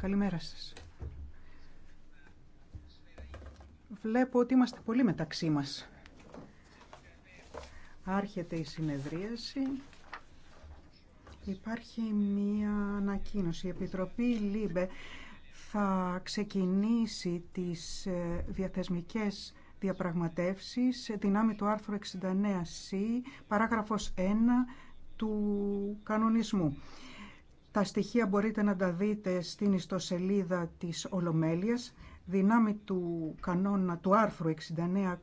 Καλημέρα σας. Βλέπω ότι είμαστε πολύ μεταξύ μας. Άρχεται η συνεδρίαση. Υπάρχει μία ανακοίνωση. Η Επιτροπή ΛΥΜΠΕ θα ξεκινήσει τις ε, διαθεσμικές διαπραγματεύσεις δυνάμει του άρθρου 69C, παράγραφος 1 του κανονισμού. Τα στοιχεία μπορείτε να τα δείτε στην ιστοσελίδα της Ολομέλειας, δυνάμει του κανόνα του άρθρου 69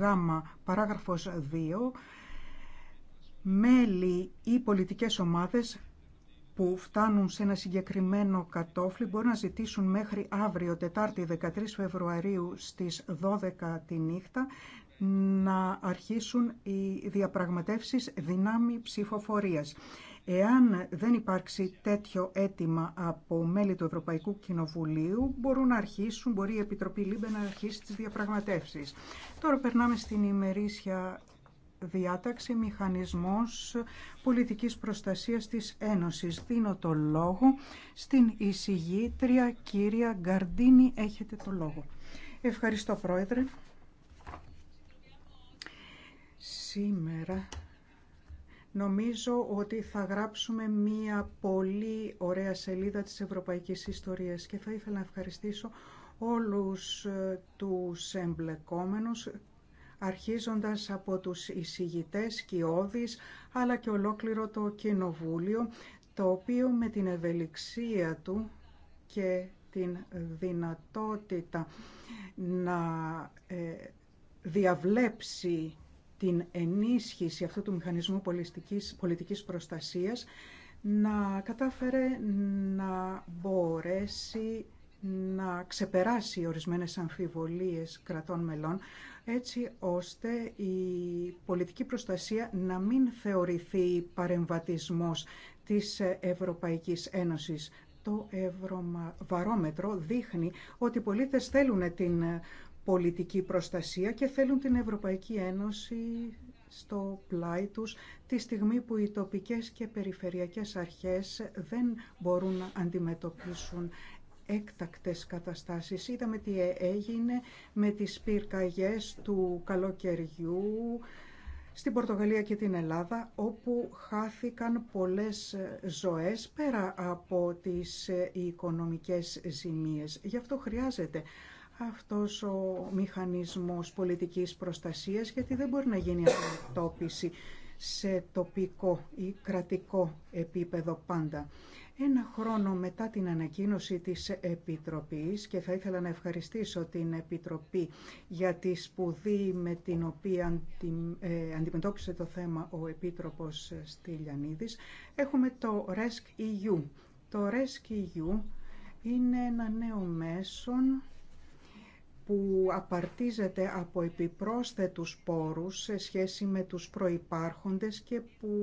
69Γ, παράγραφος 2, μέλη ή πολιτικές ομάδες που φτάνουν σε ένα συγκεκριμένο κατόφλι μπορεί να ζητήσουν μέχρι αύριο, Τετάρτη 13 Φεβρουαρίου στις 12 τη νύχτα, να αρχίσουν οι διαπραγματεύσεις δυνάμει ψηφοφορίας. Εάν δεν υπάρξει τέτοιο αίτημα από μέλη του Ευρωπαϊκού Κοινοβουλίου, μπορούν να αρχίσουν, μπορεί η Επιτροπή Λίμπε να αρχίσει τις διαπραγματεύσεις. Τώρα περνάμε στην ημερήσια διάταξη μηχανισμός πολιτικής προστασίας της Ένωσης. Δίνω το λόγο στην εισηγήτρια κυρία Γκαρντίνη. Έχετε το λόγο. Ευχαριστώ πρόεδρε. Σήμερα νομίζω ότι θα γράψουμε μία πολύ ωραία σελίδα της ευρωπαϊκής ιστορίας και θα ήθελα να ευχαριστήσω όλους ε, τους εμπλεκόμενους αρχίζοντας από τους και όδης, αλλά και ολόκληρο το Κοινοβούλιο, το οποίο με την ευελιξία του και την δυνατότητα να ε, διαβλέψει την ενίσχυση αυτού του μηχανισμού πολιτικής, πολιτικής προστασίας να κατάφερε να μπορέσει να ξεπεράσει ορισμένες αμφιβολίες κρατών μελών, έτσι ώστε η πολιτική προστασία να μην θεωρηθεί παρεμβατισμός της Ευρωπαϊκής Ένωσης. Το Ευρωβαρόμετρο δείχνει ότι οι πολίτες θέλουν την πολιτική προστασία και θέλουν την Ευρωπαϊκή Ένωση στο πλάι τους τη στιγμή που οι τοπικές και περιφερειακές αρχές δεν μπορούν να αντιμετωπίσουν έκτακτες καταστάσεις. Είδαμε τι ε, έγινε με τις πυρκαγιές του καλοκαιριού στην Πορτογαλία και την Ελλάδα, όπου χάθηκαν πολλές ε, ζωές πέρα από τις ε, οικονομικές ζημίες. Γι' αυτό χρειάζεται αυτός ο μηχανισμός πολιτικής προστασίας, γιατί δεν μπορεί να γίνει αντιμετώπιση σε τοπικό ή κρατικό επίπεδο πάντα. Ένα χρόνο μετά την ανακοίνωση της Επιτροπής και θα ήθελα να ευχαριστήσω την Επιτροπή για τη σπουδή με την οποία ε, αντιμετώπισε το θέμα ο Επίτροπος Στυλιανίδης, έχουμε το RESC-EU. Το RESC-EU είναι ένα νέο μέσον που απαρτίζεται από επιπρόσθετους πόρους σε σχέση με τους προϋπάρχοντες και που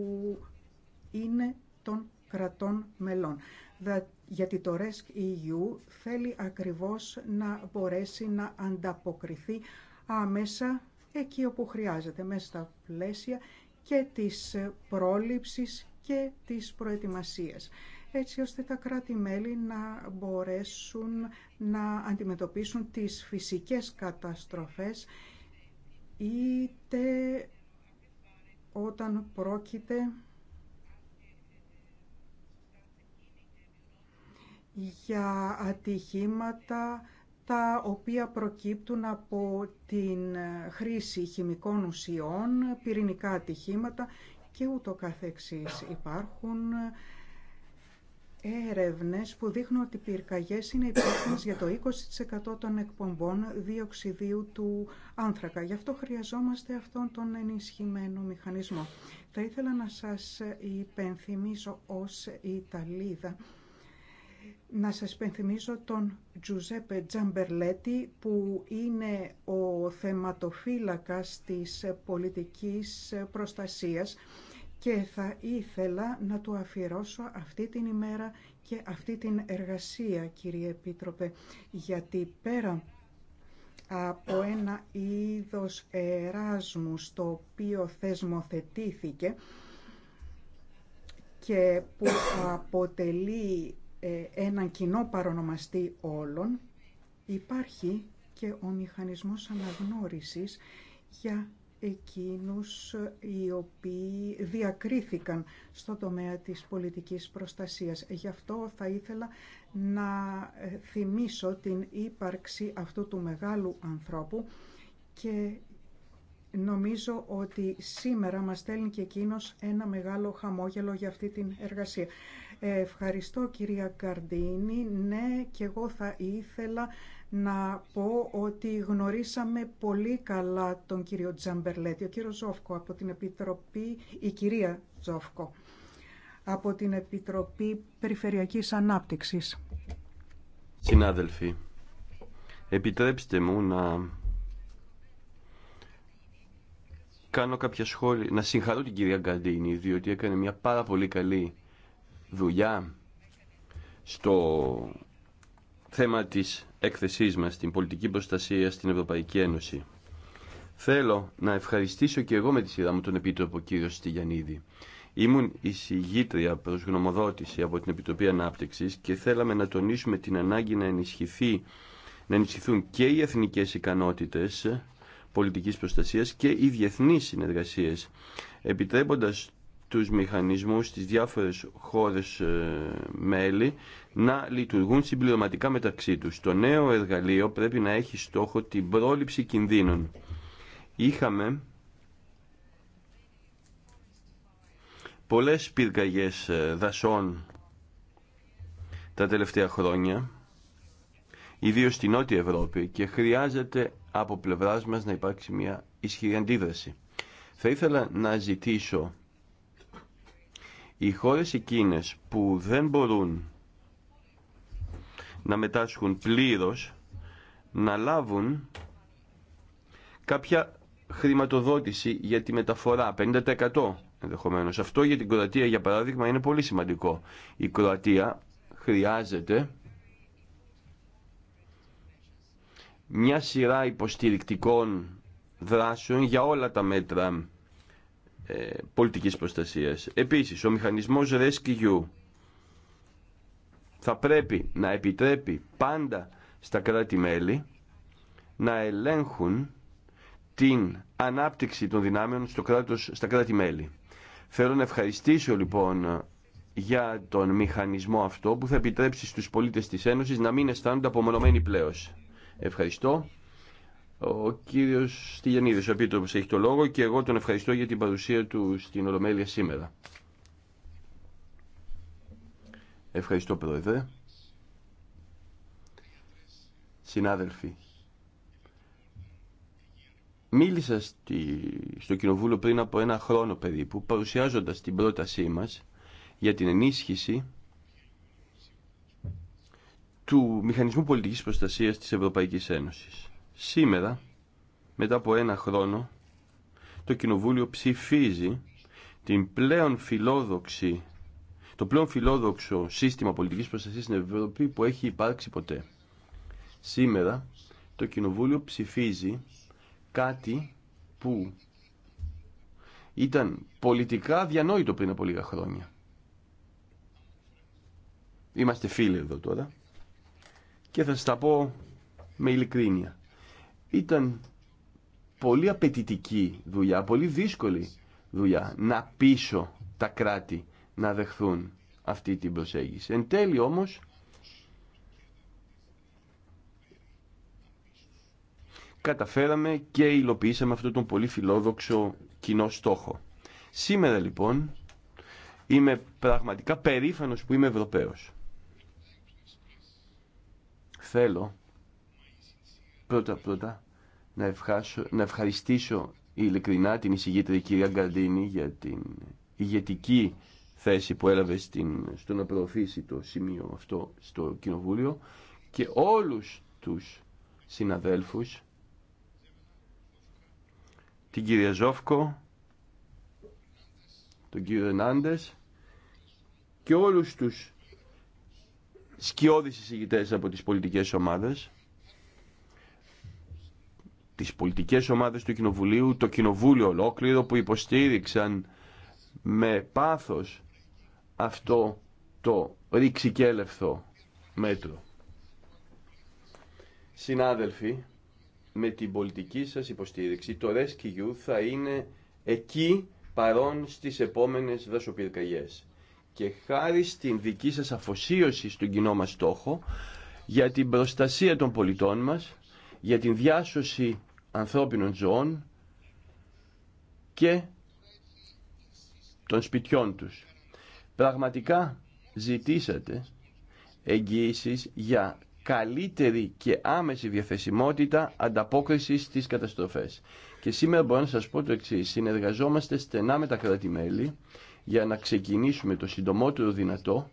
είναι των κρατών μελών. Γιατί το RESC-EU θέλει ακριβώς να μπορέσει να ανταποκριθεί άμεσα εκεί όπου χρειάζεται, μέσα στα πλαίσια και της πρόληψης και της προετοιμασίας έτσι ώστε τα κράτη-μέλη να μπορέσουν να αντιμετωπίσουν τις φυσικές καταστροφές είτε όταν πρόκειται για ατυχήματα τα οποία προκύπτουν από την χρήση χημικών ουσιών, πυρηνικά ατυχήματα και ούτω καθεξής. Υπάρχουν έρευνες που δείχνουν ότι οι πυρκαγιές είναι υπεύθυνες για το 20% των εκπομπών διοξιδίου του άνθρακα. Γι' αυτό χρειαζόμαστε αυτόν τον ενισχυμένο μηχανισμό. Θα ήθελα να σας υπενθυμίσω ως Ιταλίδα να σας πενθυμίζω τον Τζουζέπε Τζαμπερλέτη που είναι ο θεματοφύλακας της πολιτικής προστασίας και θα ήθελα να του αφιερώσω αυτή την ημέρα και αυτή την εργασία, κύριε Επίτροπε, γιατί πέρα από ένα είδος εράσμου στο οποίο θεσμοθετήθηκε και που αποτελεί ε, έναν κοινό παρονομαστή όλων, υπάρχει και ο μηχανισμός αναγνώρισης για εκείνους ε, οι οποίοι διακρίθηκαν στο τομέα της πολιτικής προστασίας. Γι' αυτό θα ήθελα να ε, θυμίσω την ύπαρξη αυτού του μεγάλου ανθρώπου και νομίζω ότι σήμερα μας στέλνει και εκείνος ένα μεγάλο χαμόγελο για αυτή την εργασία. Ευχαριστώ κυρία Καρδίνη. Ναι, και εγώ θα ήθελα να πω ότι γνωρίσαμε πολύ καλά τον κύριο Τζαμπερλέτη, ο κύριο Ζόφκο από την Επιτροπή, η κυρία Ζόφκο, από την Επιτροπή Περιφερειακής Ανάπτυξης. Συνάδελφοι, επιτρέψτε μου να κάνω κάποια σχόλια, να συγχαρώ την κυρία καρδίνη διότι έκανε μια πάρα πολύ καλή δουλειά στο θέμα της έκθεσής μας, την πολιτική προστασία στην Ευρωπαϊκή Ένωση. Θέλω να ευχαριστήσω και εγώ με τη σειρά μου τον Επίτροπο κύριο Στυγιαννίδη. Ήμουν εισηγήτρια προς γνωμοδότηση από την Επιτροπή Ανάπτυξης και θέλαμε να τονίσουμε την ανάγκη να, ενισχυθεί, να ενισχυθούν και οι εθνικές ικανότητες πολιτικής προστασίας και οι διεθνείς συνεργασίες, επιτρέποντας τους μηχανισμούς στις διάφορες χώρες ε, μέλη να λειτουργούν συμπληρωματικά μεταξύ τους. Το νέο εργαλείο πρέπει να έχει στόχο την πρόληψη κινδύνων. Είχαμε πολλές πυρκαγιές ε, δασών τα τελευταία χρόνια, ιδίως στην Νότια Ευρώπη και χρειάζεται από πλευράς μας να υπάρξει μια ισχυρή αντίδραση. Θα ήθελα να ζητήσω οι χώρες εκείνες που δεν μπορούν να μετάσχουν πλήρως, να λάβουν κάποια χρηματοδότηση για τη μεταφορά, 50% ενδεχομένως. Αυτό για την Κροατία, για παράδειγμα, είναι πολύ σημαντικό. Η Κροατία χρειάζεται μια σειρά υποστηρικτικών δράσεων για όλα τα μέτρα ε, πολιτικής προστασίας. Επίσης, ο μηχανισμός Rescue θα πρέπει να επιτρέπει πάντα στα κράτη-μέλη να ελέγχουν την ανάπτυξη των δυνάμεων στο κράτος, στα κράτη-μέλη. Θέλω να ευχαριστήσω λοιπόν για τον μηχανισμό αυτό που θα επιτρέψει στους πολίτες της Ένωσης να μην αισθάνονται απομονωμένοι πλέον. Ευχαριστώ. Ο κύριος Στυλιανίδης, ο Επίτροπος, έχει το λόγο και εγώ τον ευχαριστώ για την παρουσία του στην Ολομέλεια σήμερα. Ευχαριστώ, Πρόεδρε. Συνάδελφοι, μίλησα στη, στο Κοινοβούλιο πριν από ένα χρόνο περίπου, παρουσιάζοντας την πρότασή μας για την ενίσχυση του Μηχανισμού Πολιτικής Προστασίας της Ευρωπαϊκής Ένωσης. Σήμερα, μετά από ένα χρόνο, το Κοινοβούλιο ψηφίζει την πλέον φιλόδοξη, το πλέον φιλόδοξο σύστημα πολιτικής προστασίας στην Ευρώπη που έχει υπάρξει ποτέ. Σήμερα το Κοινοβούλιο ψηφίζει κάτι που ήταν πολιτικά διανόητο πριν από λίγα χρόνια. Είμαστε φίλοι εδώ τώρα και θα σας τα πω με ειλικρίνεια. Ήταν πολύ απαιτητική δουλειά, πολύ δύσκολη δουλειά να πείσω τα κράτη να δεχθούν αυτή την προσέγγιση. Εν τέλει όμως καταφέραμε και υλοποιήσαμε αυτό τον πολύ φιλόδοξο κοινό στόχο. Σήμερα λοιπόν είμαι πραγματικά περήφανος που είμαι Ευρωπαίος. Θέλω πρώτα πρώτα να, ευχάσω, να ευχαριστήσω ειλικρινά την εισηγήτρια κυρία Γκαρντίνη για την ηγετική θέση που έλαβε στην, στο να προωθήσει το σημείο αυτό στο Κοινοβούλιο και όλους τους συναδέλφους την κυρία Ζόφκο τον κύριο Ενάντες και όλους τους σκιώδεις εισηγητές από τις πολιτικές ομάδες τις πολιτικές ομάδες του Κοινοβουλίου, το Κοινοβούλιο ολόκληρο που υποστήριξαν με πάθος αυτό το ρηξικέλευθο μέτρο. Συνάδελφοι, με την πολιτική σας υποστήριξη το Rescue θα είναι εκεί παρόν στις επόμενες δασοπυρκαγιές. Και χάρη στην δική σας αφοσίωση στον κοινό μας στόχο, για την προστασία των πολιτών μας, για την διάσωση ανθρώπινων ζωών και των σπιτιών τους. Πραγματικά ζητήσατε εγγύηση για καλύτερη και άμεση διαθεσιμότητα ανταπόκρισης στις καταστροφές. Και σήμερα μπορώ να σας πω το εξή. Συνεργαζόμαστε στενά με τα κρατη για να ξεκινήσουμε το συντομότερο δυνατό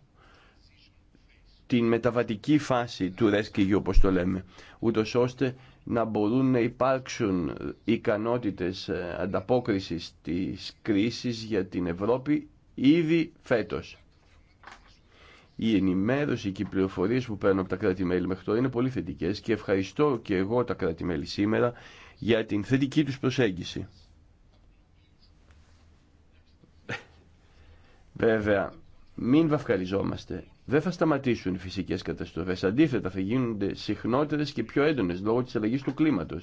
την μεταβατική φάση του rescue, όπως το λέμε, ούτως ώστε να μπορούν να υπάρξουν ικανότητες ε, ανταπόκρισης της κρίσης για την Ευρώπη ήδη φέτος. Η ενημέρωση και οι πληροφορίε που παίρνω από τα κράτη-μέλη μέχρι τώρα είναι πολύ θετικέ και ευχαριστώ και εγώ τα κράτη-μέλη σήμερα για την θετική τους προσέγγιση. Βέβαια, μην βαφκαριζόμαστε δεν θα σταματήσουν οι φυσικέ καταστροφέ. Αντίθετα θα γίνονται συχνότερε και πιο έντονε λόγω τη αλλαγή του κλίματο.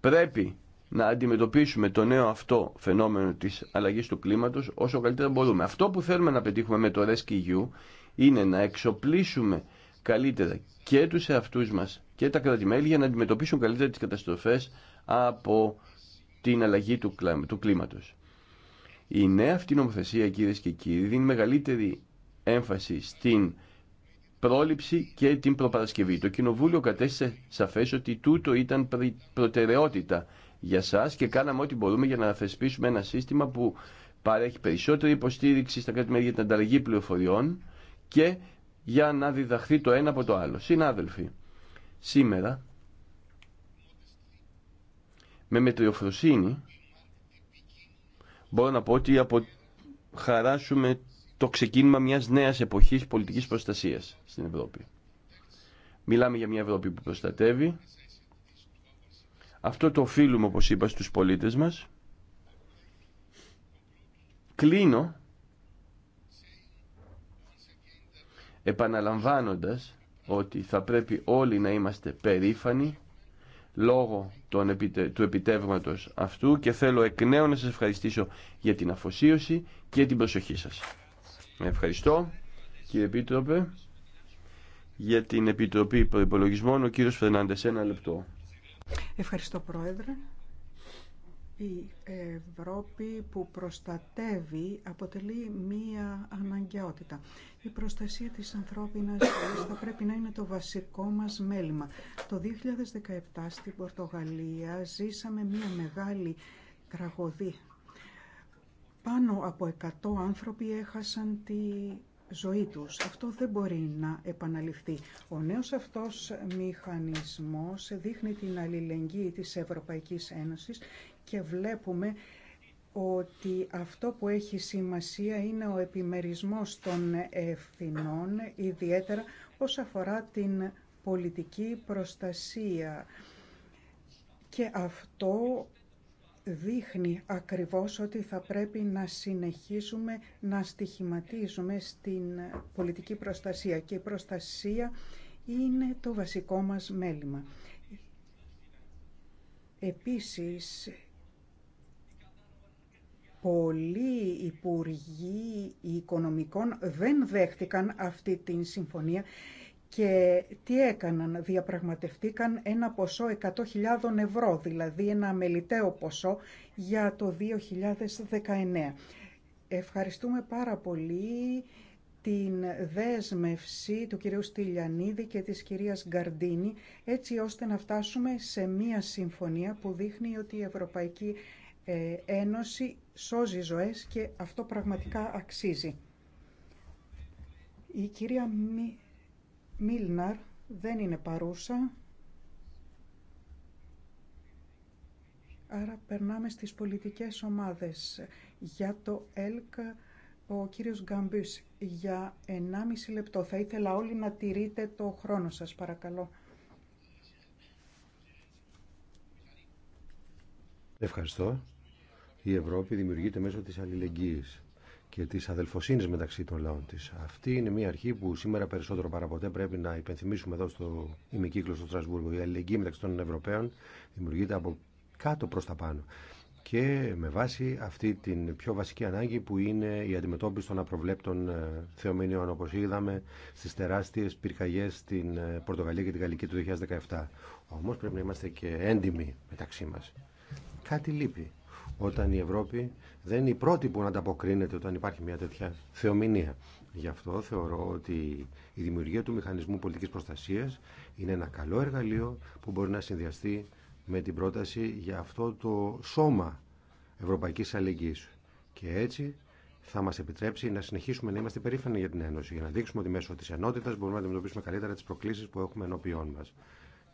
Πρέπει να αντιμετωπίσουμε το νέο αυτό φαινόμενο τη αλλαγή του κλίματο όσο καλύτερα μπορούμε. Αυτό που θέλουμε να πετύχουμε με το Rescue είναι να εξοπλίσουμε καλύτερα και του εαυτού μα και τα κρατημέλη για να αντιμετωπίσουν καλύτερα τι καταστροφέ από την αλλαγή του κλίματος. Η νέα αυτή νομοθεσία κύριε και κύριοι δίνει μεγαλύτερη έμφαση στην πρόληψη και την προπαρασκευή. Το Κοινοβούλιο κατέστησε σαφές ότι τούτο ήταν προτεραιότητα για εσά και κάναμε ό,τι μπορούμε για να θεσπίσουμε ένα σύστημα που παρέχει περισσότερη υποστήριξη στα κράτη για την ανταλλαγή πληροφοριών και για να διδαχθεί το ένα από το άλλο. Συνάδελφοι, σήμερα με μετριοφροσύνη μπορώ να πω ότι χαράσουμε το ξεκίνημα μιας νέας εποχής πολιτικής προστασίας στην Ευρώπη. Μιλάμε για μια Ευρώπη που προστατεύει. Αυτό το οφείλουμε, όπως είπα, στους πολίτες μας. Κλείνω επαναλαμβάνοντας ότι θα πρέπει όλοι να είμαστε περήφανοι λόγω του επιτεύγματος αυτού και θέλω εκ νέου να σας ευχαριστήσω για την αφοσίωση και την προσοχή σας. Ευχαριστώ κύριε Επίτροπε για την Επιτροπή Προϋπολογισμών ο κύριος Φερνάντες ένα λεπτό. Ευχαριστώ Πρόεδρε. Η Ευρώπη που προστατεύει αποτελεί μία αναγκαιότητα. Η προστασία της ανθρώπινας ζωής θα πρέπει να είναι το βασικό μας μέλημα. Το 2017 στην Πορτογαλία ζήσαμε μία μεγάλη τραγωδία. Πάνω από 100 άνθρωποι έχασαν τη ζωή τους. Αυτό δεν μπορεί να επαναληφθεί. Ο νέος αυτός μηχανισμός δείχνει την αλληλεγγύη της Ευρωπαϊκής Ένωσης και βλέπουμε ότι αυτό που έχει σημασία είναι ο επιμερισμός των ευθυνών, ιδιαίτερα όσον αφορά την πολιτική προστασία. Και αυτό δείχνει ακριβώς ότι θα πρέπει να συνεχίσουμε να στοιχηματίζουμε στην πολιτική προστασία και η προστασία είναι το βασικό μας μέλημα. Επίσης, πολλοί υπουργοί οικονομικών δεν δέχτηκαν αυτή την συμφωνία και τι έκαναν, διαπραγματευτήκαν ένα ποσό 100.000 ευρώ, δηλαδή ένα μελιτέο ποσό για το 2019. Ευχαριστούμε πάρα πολύ την δέσμευση του κυρίου Στυλιανίδη και της κυρίας Γκαρντίνη, έτσι ώστε να φτάσουμε σε μία συμφωνία που δείχνει ότι η Ευρωπαϊκή ε, ένωση σώζει ζωές και αυτό πραγματικά αξίζει. Η κυρία Μίλναρ δεν είναι παρούσα, άρα περνάμε στις πολιτικές ομάδες. Για το ΕΛΚ ο κύριος Γκαμπής για 1,5 λεπτό. Θα ήθελα όλοι να τηρείτε το χρόνο σας παρακαλώ. Ευχαριστώ η Ευρώπη δημιουργείται μέσω της αλληλεγγύης και της αδελφοσύνης μεταξύ των λαών της. Αυτή είναι μια αρχή που σήμερα περισσότερο παραποτέ πρέπει να υπενθυμίσουμε εδώ στο ημικύκλο στο Στρασβούργο. Η αλληλεγγύη μεταξύ των Ευρωπαίων δημιουργείται από κάτω προς τα πάνω και με βάση αυτή την πιο βασική ανάγκη που είναι η αντιμετώπιση των απροβλέπτων ε, θεομηνίων όπως είδαμε στις τεράστιες πυρκαγιές στην ε, Πορτογαλία και την Γαλλική του 2017. Όμω πρέπει να είμαστε και έντιμοι μεταξύ μας. Κάτι λείπει όταν η Ευρώπη δεν είναι η πρώτη που να ανταποκρίνεται όταν υπάρχει μια τέτοια θεομηνία. Γι' αυτό θεωρώ ότι η δημιουργία του Μηχανισμού Πολιτικής Προστασίας είναι ένα καλό εργαλείο που μπορεί να συνδυαστεί με την πρόταση για αυτό το σώμα Ευρωπαϊκής Αλληλεγγύης. Και έτσι θα μας επιτρέψει να συνεχίσουμε να είμαστε περήφανοι για την Ένωση, για να δείξουμε ότι μέσω της ενότητας μπορούμε να αντιμετωπίσουμε καλύτερα τις προκλήσεις που έχουμε ενώπιόν μας.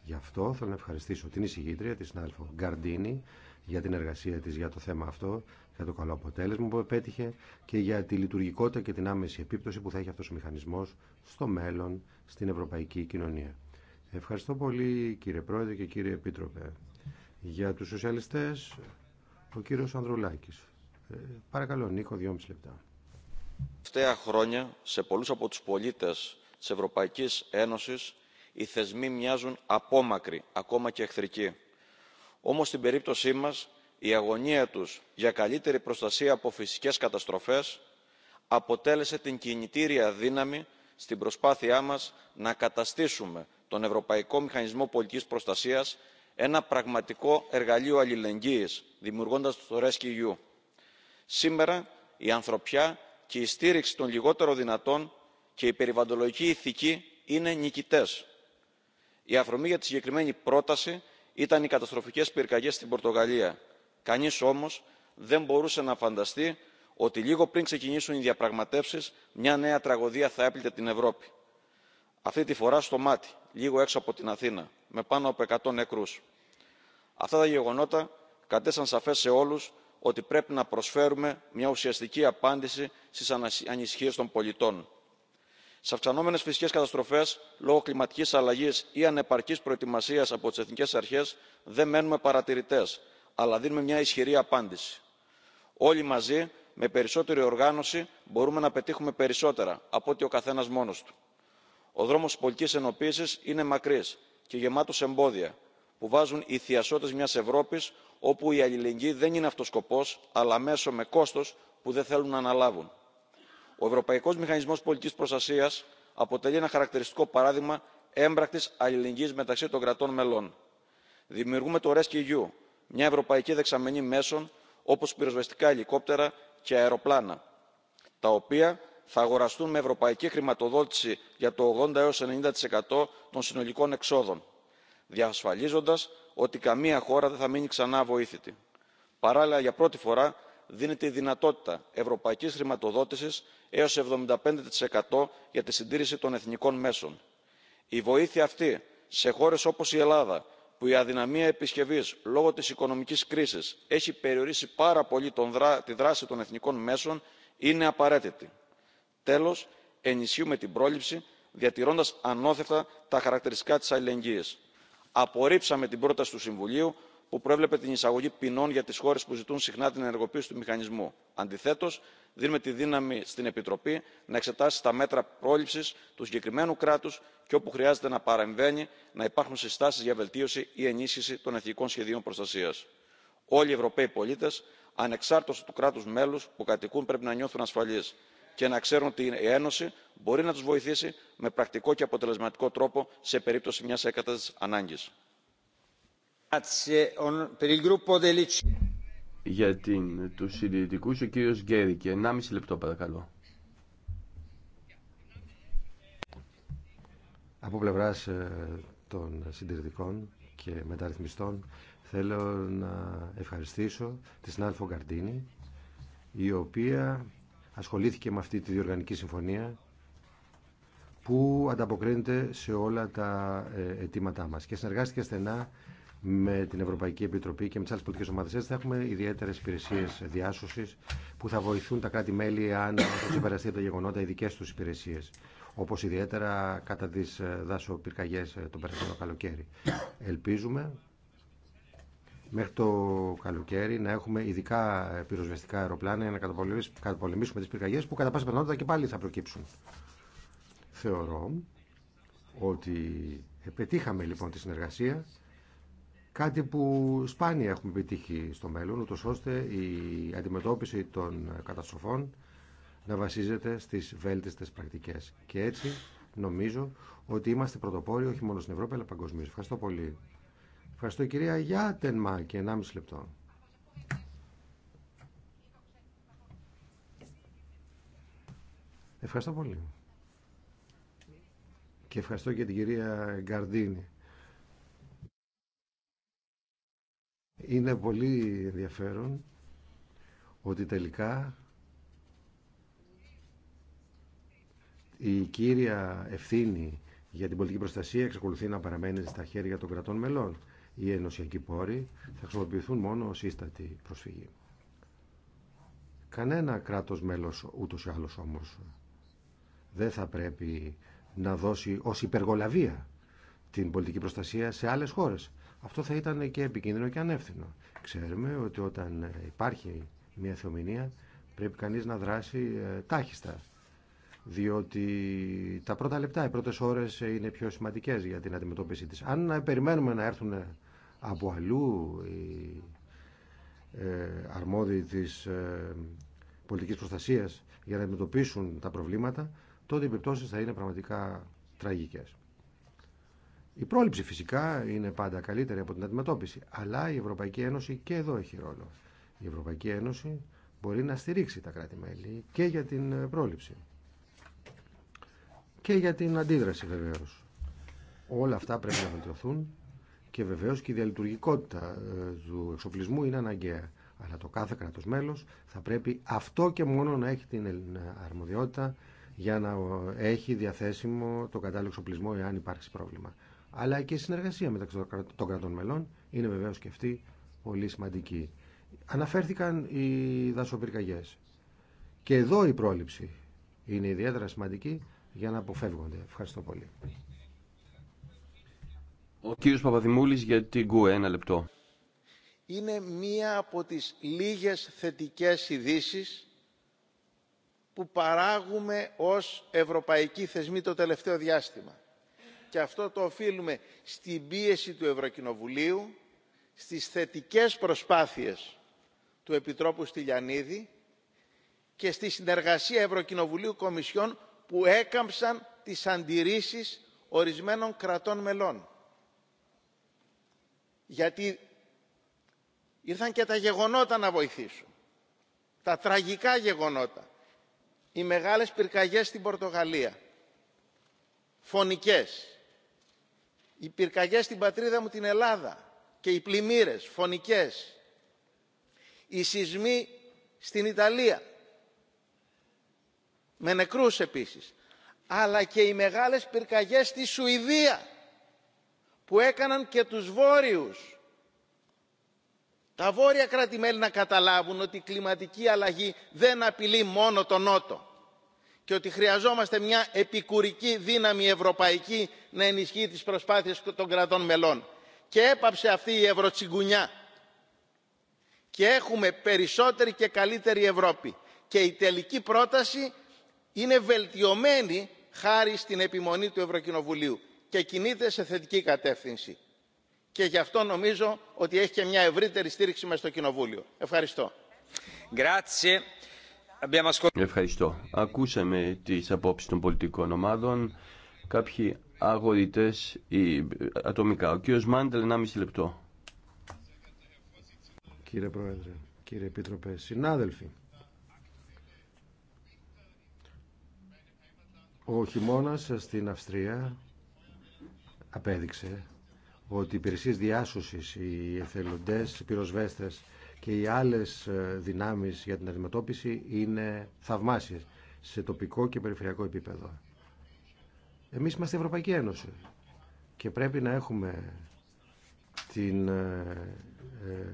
Γι' αυτό θέλω να ευχαριστήσω την εισηγήτρια, τη συνάδελφο Γκαρντίνη, για την εργασία της για το θέμα αυτό, για το καλό αποτέλεσμα που επέτυχε και για τη λειτουργικότητα και την άμεση επίπτωση που θα έχει αυτός ο μηχανισμός στο μέλλον στην ευρωπαϊκή κοινωνία. Ευχαριστώ πολύ κύριε Πρόεδρε και κύριε Επίτροπε. Για τους σοσιαλιστές, ο κύριος Ανδρουλάκης. Ε, παρακαλώ, Νίκο, δυόμιση λεπτά. Τελευταία χρόνια, σε πολλούς από τους πολίτες της Ευρωπαϊκής Ένωσης, οι θεσμοί μοιάζουν απόμακροι, ακόμα και εχθρικοί όμως στην περίπτωσή μας η αγωνία τους για καλύτερη προστασία από φυσικές καταστροφές αποτέλεσε την κινητήρια δύναμη στην προσπάθειά μας να καταστήσουμε τον ευρωπαϊκό μηχανισμό πολιτικής προστασίας ένα πραγματικό εργαλείο αλληλεγγύης δημιουργώντας το resceu. σήμερα η ανθρωπιά και η στήριξη των λιγότερο δυνατών και η περιβαλλοντολογική ηθική είναι νικητές. η αφορμή για τη συγκεκριμένη πρόταση ήταν οι καταστροφικές πυρκαγιές στην πορτογαλία. κανείς όμως δεν μπορούσε να φανταστεί ότι λίγο πριν ξεκινήσουν οι διαπραγματεύσεις μια νέα τραγωδία θα έπληκε την ευρώπη. αυτή τη φορά στο μάτι λίγο έξω από την αθήνα με πάνω από 100 νεκρούς. αυτά τα γεγονότα κατέσαν σαφές σε όλους ότι πρέπει να προσφέρουμε μια ουσιαστική απάντηση στις ανησυχίες των πολιτών σε αυξανόμενε φυσικέ καταστροφέ λόγω κλιματική αλλαγή ή ανεπαρκή προετοιμασία από τι εθνικέ αρχέ δεν μένουμε παρατηρητέ αλλά δίνουμε μια ισχυρή απάντηση. όλοι μαζί με περισσότερη οργάνωση μπορούμε να πετύχουμε περισσότερα από ότι ο καθένα μόνο του. ο δρόμο τη πολιτική ενοποίηση είναι μακρύ και γεμάτο εμπόδια που βάζουν οι θειασότε μια ευρώπη όπου η αλληλεγγύη δεν είναι αυτό σκοπό αλλά μέσο με κόστο που δεν θέλουν να αναλάβουν ο ευρωπαϊκός μηχανισμός πολιτικής προστασίας αποτελεί ένα χαρακτηριστικό παράδειγμα έμπρακτης αλληλεγγύης μεταξύ των κρατών μελών. δημιουργούμε το resceu μια ευρωπαϊκή δεξαμενή μέσων όπως πυροσβεστικά ελικόπτερα και αεροπλάνα τα οποία θα αγοραστούν με ευρωπαϊκή χρηματοδότηση για το 80 έως 90% των συνολικών εξόδων διασφαλίζοντας ότι καμία χώρα δεν θα μείνει ξανά αβοήθητη. παράλληλα για πρώτη φορά δίνεται η δυνατότητα ευρωπαϊκής χρηματοδότησης έως 75% για τη συντήρηση των εθνικών μέσων. η βοήθεια αυτή σε χώρες όπως η ελλάδα που η αδυναμία επισκευής λόγω της οικονομικής κρίσης έχει περιορίσει πάρα πολύ τη δράση των εθνικών μέσων είναι απαραίτητη. τέλος ενισχύουμε την πρόληψη διατηρώντας ανώθευτα τα χαρακτηριστικά της αλληλεγγύης. απορρίψαμε την πρόταση του συμβουλίου που προέβλεπε την εισαγωγή ποινών για τι χώρε που ζητούν συχνά την ενεργοποίηση του μηχανισμού. αντιθέτω δίνουμε τη δύναμη στην επιτροπή να εξετάσει τα μέτρα πρόληψη του συγκεκριμένου κράτου και όπου χρειάζεται να παρεμβαίνει να υπάρχουν συστάσει για βελτίωση ή ενίσχυση των εθνικών σχεδίων προστασία. όλοι οι ευρωπαίοι πολίτε ανεξάρτητα του κράτου μέλου που κατοικούν πρέπει να νιώθουν ασφαλεί και να ξέρουν ότι η ένωση μπορεί να του βοηθήσει με πρακτικό και αποτελεσματικό τρόπο σε περίπτωση μια έκτακτης ανάγκης. Για την, συντηρητικού συντηρητικού ο κύριος Γκέρικε. 1,5 λεπτό παρακαλώ. Από πλευρά ε, των συντηρητικών και μεταρρυθμιστών θέλω να ευχαριστήσω τη συνάδελφο Γκαρντίνη η οποία ασχολήθηκε με αυτή τη διοργανική συμφωνία που ανταποκρίνεται σε όλα τα ε, αιτήματά μας και συνεργάστηκε στενά με την Ευρωπαϊκή Επιτροπή και με τι άλλε πολιτικέ ομάδε. Έτσι θα έχουμε ιδιαίτερε υπηρεσίε διάσωση που θα βοηθούν τα κράτη-μέλη αν θα συμπεραστεί από τα γεγονότα οι δικέ του υπηρεσίε. Όπω ιδιαίτερα κατά τι ε, δασοπυρκαγιέ ε, το περασμένο καλοκαίρι. Ελπίζουμε μέχρι το καλοκαίρι να έχουμε ειδικά ε, πυροσβεστικά αεροπλάνα για να καταπολεμήσουμε τι πυρκαγιέ που κατά πάσα πιθανότητα και πάλι θα προκύψουν. Θεωρώ ότι πετύχαμε λοιπόν τη συνεργασία Κάτι που σπάνια έχουμε επιτύχει στο μέλλον, ούτως ώστε η αντιμετώπιση των καταστροφών να βασίζεται στις βέλτιστες πρακτικές. Και έτσι νομίζω ότι είμαστε πρωτοπόροι όχι μόνο στην Ευρώπη αλλά παγκοσμίω. Ευχαριστώ πολύ. Ευχαριστώ κυρία Γιάτενμα και 1,5 λεπτό. Ευχαριστώ πολύ. Και ευχαριστώ και την κυρία Γκαρντίνη. Είναι πολύ ενδιαφέρον ότι τελικά η κύρια ευθύνη για την πολιτική προστασία εξακολουθεί να παραμένει στα χέρια των κρατών μελών. Οι ενωσιακοί πόροι θα χρησιμοποιηθούν μόνο ως σύστατη προσφυγή. Κανένα κράτος μέλος ούτως ή άλλως όμως δεν θα πρέπει να δώσει ως υπεργολαβία την πολιτική προστασία σε άλλες χώρες αυτό θα ήταν και επικίνδυνο και ανεύθυνο. Ξέρουμε ότι όταν ε, υπάρχει μια θεομηνία πρέπει κανείς να δράσει ε, τάχιστα διότι τα πρώτα λεπτά, οι πρώτες ώρες ε, είναι πιο σημαντικές για την αντιμετώπιση της. Αν περιμένουμε να έρθουν από αλλού οι αρμόδιοι της πολιτικής προστασίας για να αντιμετωπίσουν τα προβλήματα, τότε οι επιπτώσεις θα είναι πραγματικά τραγικές. Η πρόληψη φυσικά είναι πάντα καλύτερη από την αντιμετώπιση, αλλά η Ευρωπαϊκή Ένωση και εδώ έχει ρόλο. Η Ευρωπαϊκή Ένωση μπορεί να στηρίξει τα κράτη-μέλη και για την πρόληψη και για την αντίδραση βεβαίως. Όλα αυτά πρέπει να βελτιωθούν και βεβαίω και η διαλειτουργικότητα ε, του εξοπλισμού είναι αναγκαία. Αλλά το κάθε κράτος μέλος θα πρέπει αυτό και μόνο να έχει την αρμοδιότητα για να έχει διαθέσιμο το κατάλληλο εξοπλισμό εάν υπάρξει πρόβλημα αλλά και η συνεργασία μεταξύ των κρατών μελών είναι βεβαίω και αυτή πολύ σημαντική. Αναφέρθηκαν οι δασοπυρκαγιέ. Και εδώ η πρόληψη είναι ιδιαίτερα σημαντική για να αποφεύγονται. Ευχαριστώ πολύ. Ο κύριος Παπαδημούλη για την ΚΟΕ, ένα λεπτό. Είναι μία από τις λίγες θετικές ειδήσει που παράγουμε ως Ευρωπαϊκή θεσμοί το τελευταίο διάστημα και αυτό το οφείλουμε στην πίεση του Ευρωκοινοβουλίου, στις θετικές προσπάθειες του Επιτρόπου Στυλιανίδη και στη συνεργασία Ευρωκοινοβουλίου Κομισιών που έκαμψαν τις αντιρρήσεις ορισμένων κρατών μελών. Γιατί ήρθαν και τα γεγονότα να βοηθήσουν. Τα τραγικά γεγονότα. Οι μεγάλες πυρκαγιές στην Πορτογαλία. Φωνικές οι πυρκαγιές στην πατρίδα μου την Ελλάδα και οι πλημμύρες φωνικές, οι σεισμοί στην Ιταλία, με νεκρούς επίσης, αλλά και οι μεγάλες πυρκαγιές στη Σουηδία που έκαναν και τους βόρειους τα βόρεια κράτη-μέλη να καταλάβουν ότι η κλιματική αλλαγή δεν απειλεί μόνο τον Νότο και ότι χρειαζόμαστε μια επικουρική δύναμη ευρωπαϊκή να ενισχύει τις προσπάθειες των κρατών μελών. Και έπαψε αυτή η ευρωτσιγκουνιά. Και έχουμε περισσότερη και καλύτερη Ευρώπη. Και η τελική πρόταση είναι βελτιωμένη χάρη στην επιμονή του Ευρωκοινοβουλίου και κινείται σε θετική κατεύθυνση. Και γι' αυτό νομίζω ότι έχει και μια ευρύτερη στήριξη μέσα στο Κοινοβούλιο. Ευχαριστώ. Ευχαριστώ. Ακούσαμε τις απόψεις των πολιτικών ομάδων. Κάποιοι αγορητές ή, ατομικά. Ο κύριος Μάντελ, 1,5 λεπτό. Κύριε Πρόεδρε, κύριε Επίτροπε, συνάδελφοι. Ο χειμώνας στην Αυστρία απέδειξε ότι οι υπηρεσίες διάσωσης, οι εθελοντές, οι πυροσβέστες και οι άλλες ε, δυνάμεις για την αντιμετώπιση είναι θαυμάσιες σε τοπικό και περιφερειακό επίπεδο. Εμείς είμαστε Ευρωπαϊκή Ένωση και πρέπει να έχουμε την ε, ε,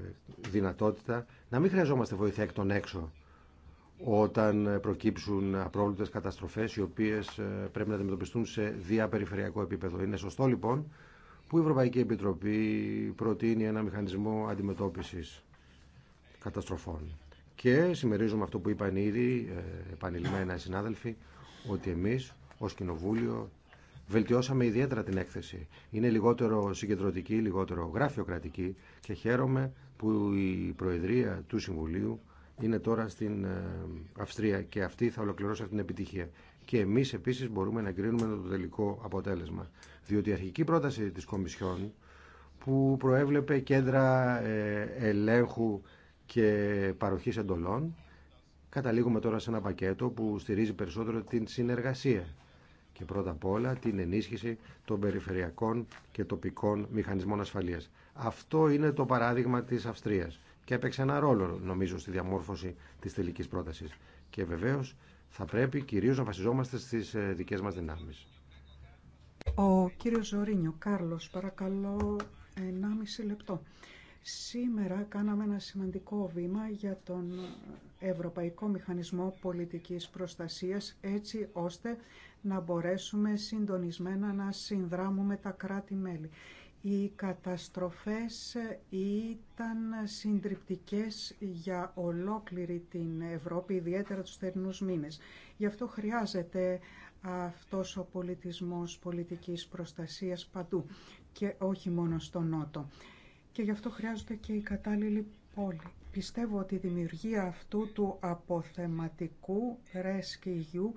δυνατότητα να μην χρειαζόμαστε βοήθεια εκ των έξω όταν προκύψουν απρόβλεπτες καταστροφές οι οποίες πρέπει να αντιμετωπιστούν σε διαπεριφερειακό επίπεδο. Είναι σωστό λοιπόν που η Ευρωπαϊκή Επιτροπή προτείνει ένα μηχανισμό αντιμετώπισης καταστροφών. Και συμμερίζουμε αυτό που είπαν ήδη ε, επανειλημμένα οι συνάδελφοι, ότι εμείς ως Κοινοβούλιο βελτιώσαμε ιδιαίτερα την έκθεση. Είναι λιγότερο συγκεντρωτική, λιγότερο γραφειοκρατική και χαίρομαι που η Προεδρία του Συμβουλίου είναι τώρα στην ε, Αυστρία και αυτή θα ολοκληρώσει αυτή την επιτυχία. Και εμεί επίση μπορούμε να κρίνουμε το τελικό αποτέλεσμα. Διότι η αρχική πρόταση τη Κομισιόν που προέβλεπε κέντρα ε, ελέγχου και παροχή εντολών. Καταλήγουμε τώρα σε ένα πακέτο που στηρίζει περισσότερο την συνεργασία και πρώτα απ' όλα την ενίσχυση των περιφερειακών και τοπικών μηχανισμών ασφαλείας. Αυτό είναι το παράδειγμα της Αυστρίας και έπαιξε ένα ρόλο νομίζω στη διαμόρφωση της τελικής πρότασης. Και βεβαίως θα πρέπει κυρίως να βασιζόμαστε στις ε, δικές μας δυνάμεις. Σήμερα κάναμε ένα σημαντικό βήμα για τον Ευρωπαϊκό Μηχανισμό Πολιτικής Προστασίας έτσι ώστε να μπορέσουμε συντονισμένα να συνδράμουμε τα κράτη-μέλη. Οι καταστροφές ήταν συντριπτικές για ολόκληρη την Ευρώπη, ιδιαίτερα τους θερινούς μήνες. Γι' αυτό χρειάζεται αυτός ο πολιτισμός πολιτικής προστασίας παντού και όχι μόνο στο Νότο και γι' αυτό χρειάζονται και η κατάλληλη πόλη. Πιστεύω ότι η δημιουργία αυτού του αποθεματικού ΡΕΣΚΙΓΙΟΥ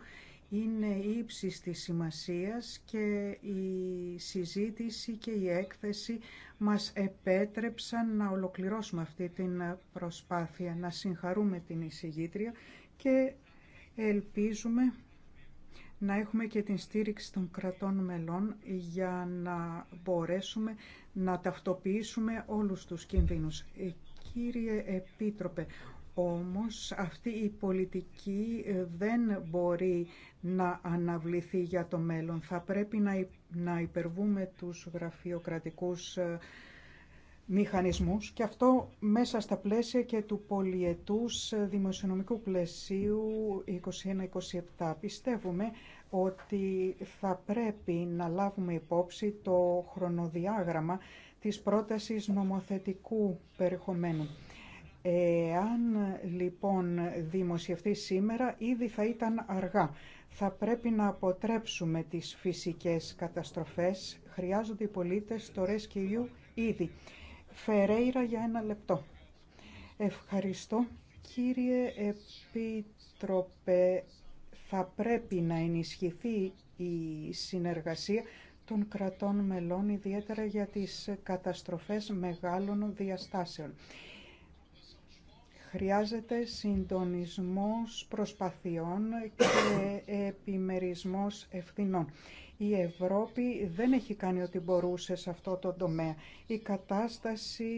είναι ύψη της σημασίας και η συζήτηση και η έκθεση μας επέτρεψαν να ολοκληρώσουμε αυτή την προσπάθεια, να συγχαρούμε την εισηγήτρια και ελπίζουμε να έχουμε και την στήριξη των κρατών μελών για να μπορέσουμε να ταυτοποιήσουμε όλους τους κινδύνους. Ε, κύριε Επίτροπε, όμως αυτή η πολιτική ε, δεν μπορεί να αναβληθεί για το μέλλον. Θα πρέπει να υπερβούμε τους γραφειοκρατικούς ε, μηχανισμούς και αυτό μέσα στα πλαίσια και του πολιετούς δημοσιονομικού πλαισίου 21-27. Πιστεύουμε ότι θα πρέπει να λάβουμε υπόψη το χρονοδιάγραμμα της πρότασης νομοθετικού περιεχομένου. Εάν λοιπόν δημοσιευτεί σήμερα, ήδη θα ήταν αργά. Θα πρέπει να αποτρέψουμε τις φυσικές καταστροφές. Χρειάζονται οι πολίτες το Rescue ήδη. Φερέιρα για ένα λεπτό. Ευχαριστώ. Κύριε Επίτροπε, θα πρέπει να ενισχυθεί η συνεργασία των κρατών μελών, ιδιαίτερα για τις καταστροφές μεγάλων διαστάσεων. Χρειάζεται συντονισμός προσπαθειών και επιμερισμός ευθυνών. Η Ευρώπη δεν έχει κάνει ό,τι μπορούσε σε αυτό το τομέα. Η κατάσταση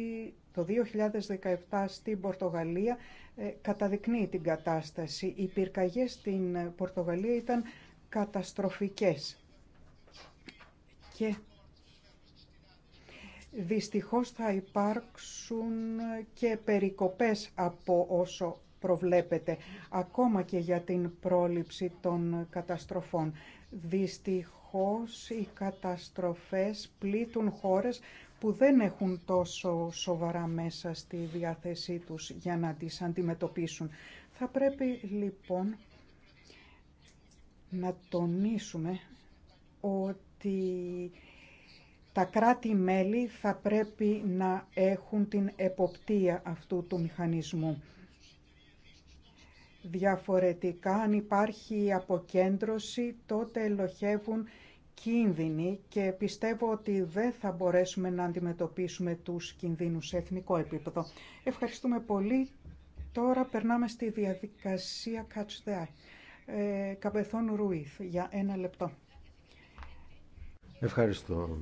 το 2017 στην Πορτογαλία ε, καταδεικνύει την κατάσταση. Οι πυρκαγιές στην Πορτογαλία ήταν καταστροφικές. Και δυστυχώς θα υπάρξουν και περικοπές από όσο προβλέπεται, ακόμα και για την πρόληψη των καταστροφών. Δυστυχώς δυστυχώς οι καταστροφές πλήττουν χώρες που δεν έχουν τόσο σοβαρά μέσα στη διάθεσή τους για να τις αντιμετωπίσουν. Θα πρέπει λοιπόν να τονίσουμε ότι τα κράτη-μέλη θα πρέπει να έχουν την εποπτεία αυτού του μηχανισμού. Διαφορετικά, αν υπάρχει αποκέντρωση, τότε ελοχεύουν κίνδυνοι και πιστεύω ότι δεν θα μπορέσουμε να αντιμετωπίσουμε τους κινδύνους σε εθνικό επίπεδο. Ευχαριστούμε πολύ. Τώρα περνάμε στη διαδικασία Catch the Eye. Ε, Καπεθόν Ρουίθ, για ένα λεπτό. Ευχαριστώ.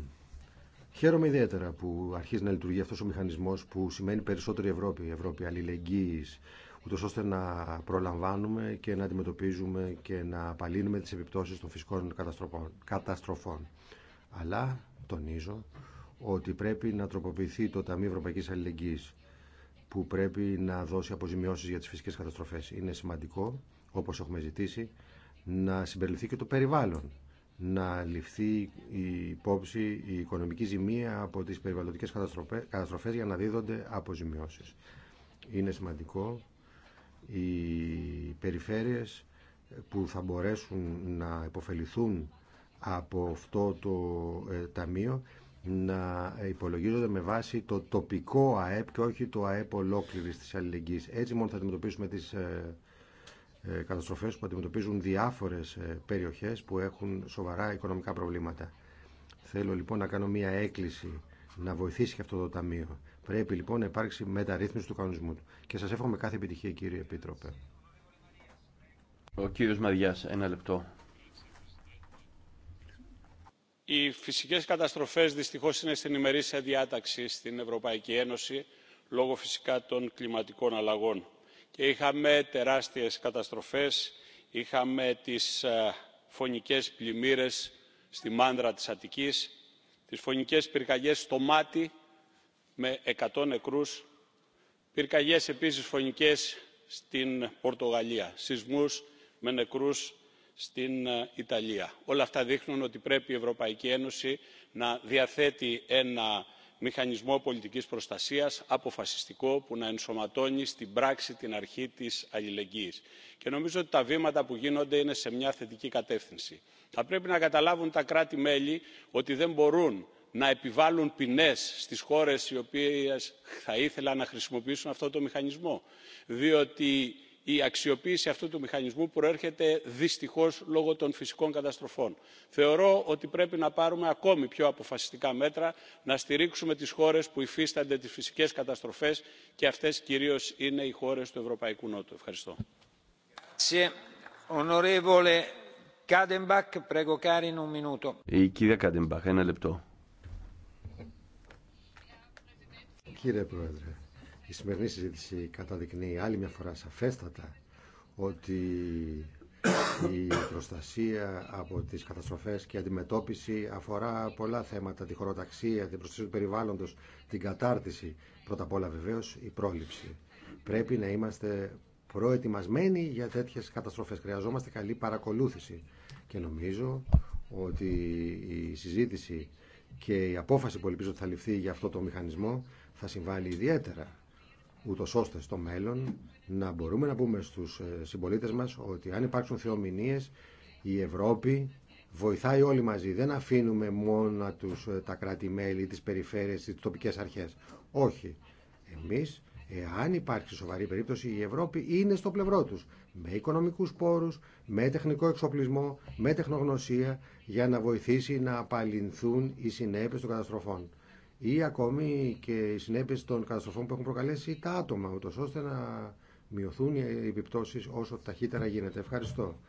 Χαίρομαι ιδιαίτερα που αρχίζει να λειτουργεί αυτός ο μηχανισμός που σημαίνει περισσότερη Ευρώπη, Ευρώπη αλληλεγγύης, ούτω ώστε να προλαμβάνουμε και να αντιμετωπίζουμε και να απαλύνουμε τις επιπτώσεις των φυσικών καταστροφών. Αλλά τονίζω ότι πρέπει να τροποποιηθεί το Ταμείο Ευρωπαϊκής Αλληλεγγύης που πρέπει να δώσει αποζημιώσεις για τις φυσικές καταστροφές. Είναι σημαντικό, όπως έχουμε ζητήσει, να συμπεριληφθεί και το περιβάλλον να ληφθεί η υπόψη η οικονομική ζημία από τις περιβαλλοντικές καταστροφές για να δίδονται αποζημιώσεις. Είναι σημαντικό οι περιφέρειες που θα μπορέσουν να υποφεληθούν από αυτό το ε, ταμείο να υπολογίζονται με βάση το τοπικό ΑΕΠ και όχι το ΑΕΠ ολόκληρης της αλληλεγγύης. Έτσι μόνο θα αντιμετωπίσουμε τις ε, ε, καταστροφές που αντιμετωπίζουν διάφορες περιοχές που έχουν σοβαρά οικονομικά προβλήματα. Θέλω λοιπόν να κάνω μία έκκληση να βοηθήσει και αυτό το ταμείο Πρέπει λοιπόν να υπάρξει μεταρρύθμιση του κανονισμού του. Και σας εύχομαι κάθε επιτυχία κύριε Επίτροπε. Ο κύριος Μαριά, ένα λεπτό. Οι φυσικές καταστροφές δυστυχώς είναι στην ημερήσια διάταξη στην Ευρωπαϊκή Ένωση λόγω φυσικά των κλιματικών αλλαγών. Και είχαμε τεράστιες καταστροφές, είχαμε τις ε, φωνικές πλημμύρες στη μάνδρα της Αττικής, τις φωνικές πυρκαγιές στο Μάτι με 100 νεκρούς, πυρκαγιές επίσης φωνικές στην Πορτογαλία, σεισμούς με νεκρούς στην ε, Ιταλία. Όλα αυτά δείχνουν ότι πρέπει η Ευρωπαϊκή Ένωση να διαθέτει ένα μηχανισμό πολιτικής προστασίας αποφασιστικό που να ενσωματώνει στην πράξη την αρχή της αλληλεγγύης. Και νομίζω ότι τα βήματα που γίνονται είναι σε μια θετική κατεύθυνση. Θα πρέπει να καταλάβουν τα κράτη-μέλη ότι δεν μπορούν να επιβάλλουν ποινές στις χώρες οι οποίες θα ήθελαν να χρησιμοποιήσουν αυτό το μηχανισμό διότι η αξιοποίηση αυτού του μηχανισμού προέρχεται δυστυχώς λόγω των φυσικών καταστροφών. θεωρώ ότι πρέπει να πάρουμε ακόμη πιο αποφασιστικά μέτρα να στηρίξουμε τις χώρες που υφίστανται τις φυσικές καταστροφές και αυτές κυρίως είναι οι χώρες του ευρωπαϊκού νότου. ευχαριστώ. Η κυρία ένα λεπτό. Κύριε Πρόεδρε, η σημερινή συζήτηση καταδεικνύει άλλη μια φορά σαφέστατα ότι η προστασία από τις καταστροφές και αντιμετώπιση αφορά πολλά θέματα, τη χωροταξία, την προστασία του περιβάλλοντος, την κατάρτιση, πρώτα απ' όλα βεβαίως η πρόληψη. Πρέπει να είμαστε προετοιμασμένοι για τέτοιες καταστροφές. Χρειαζόμαστε καλή παρακολούθηση και νομίζω ότι η συζήτηση και η απόφαση που ελπίζω θα ληφθεί για αυτό το μηχανισμό θα συμβάλλει ιδιαίτερα ούτω ώστε στο μέλλον να μπορούμε να πούμε στους ε, συμπολίτες μας ότι αν υπάρξουν θεομηνίες η Ευρώπη βοηθάει όλοι μαζί. Δεν αφήνουμε μόνο τους, ε, τα κράτη-μέλη, τις περιφέρειες, τις τοπικές αρχές. Όχι. Εμείς, εάν υπάρξει σοβαρή περίπτωση, η Ευρώπη είναι στο πλευρό τους. Με οικονομικούς πόρους, με τεχνικό εξοπλισμό, με τεχνογνωσία, για να βοηθήσει να απαλληλθούν οι συνέπειες των καταστροφών ή ακόμη και οι συνέπειε των καταστροφών που έχουν προκαλέσει τα άτομα, ούτως ώστε να μειωθούν οι επιπτώσεις όσο ταχύτερα γίνεται. Ευχαριστώ.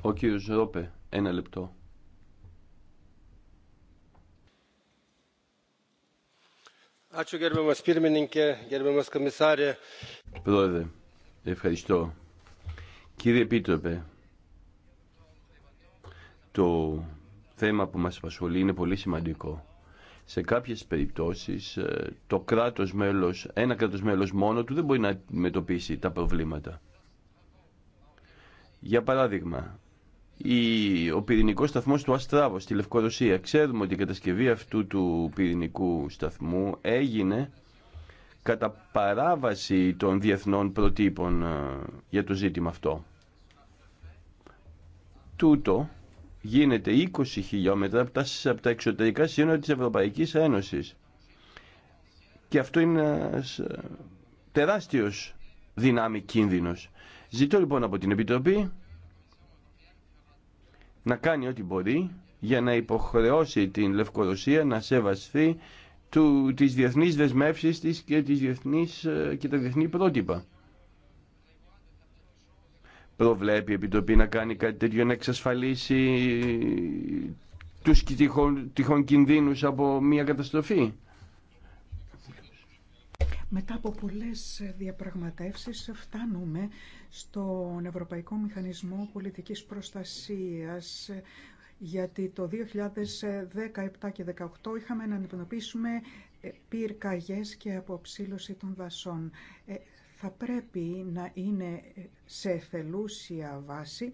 Ο κύριος Ρόπε, ένα λεπτό. Πρόεδρε, ευχαριστώ. Κύριε Επίτροπε, το θέμα που μας απασχολεί είναι πολύ σημαντικό σε κάποιες περιπτώσεις ε, το κράτος μέλος, ένα κράτος μέλος μόνο του δεν μπορεί να αντιμετωπίσει τα προβλήματα. Για παράδειγμα, ο πυρηνικό σταθμό του Αστράβο στη Λευκορωσία. Ξέρουμε ότι η κατασκευή αυτού του πυρηνικού σταθμού έγινε κατά παράβαση των διεθνών προτύπων ε, για το ζήτημα αυτό. Τούτο γίνεται 20 χιλιόμετρα από τα, από τα εξωτερικά σύνορα της Ευρωπαϊκής Ένωσης. Και αυτό είναι ένας ε, τεράστιος δυνάμει κίνδυνος. Ζητώ λοιπόν από την Επιτροπή να κάνει ό,τι μπορεί για να υποχρεώσει την Λευκορωσία να σεβαστεί του, τις διεθνείς δεσμεύσεις της και, τις διεθνείς, ε, και τα διεθνή πρότυπα προβλέπει η Επιτροπή να κάνει κάτι τέτοιο, να εξασφαλίσει τους τυχόν, τυχόν κινδύνους από μια καταστροφή. Μετά από πολλές διαπραγματεύσεις φτάνουμε στον Ευρωπαϊκό Μηχανισμό Πολιτικής Προστασίας γιατί το 2017 και 2018 είχαμε να αντιμετωπίσουμε πυρκαγιές και αποψήλωση των δασών. Ε, θα πρέπει να είναι σε εθελούσια βάση,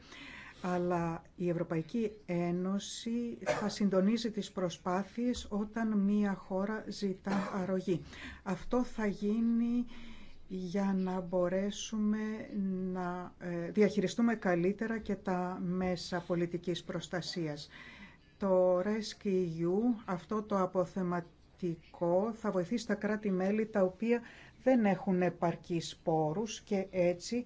αλλά η Ευρωπαϊκή Ένωση θα συντονίζει τις προσπάθειες όταν μία χώρα ζητά αρρωγή. Αυτό θα γίνει για να μπορέσουμε να ε, διαχειριστούμε καλύτερα και τα μέσα πολιτικής προστασίας. Το RESC-EU, αυτό το αποθεματικό, θα βοηθήσει τα κράτη-μέλη τα οποία δεν έχουν επαρκή σπόρους και έτσι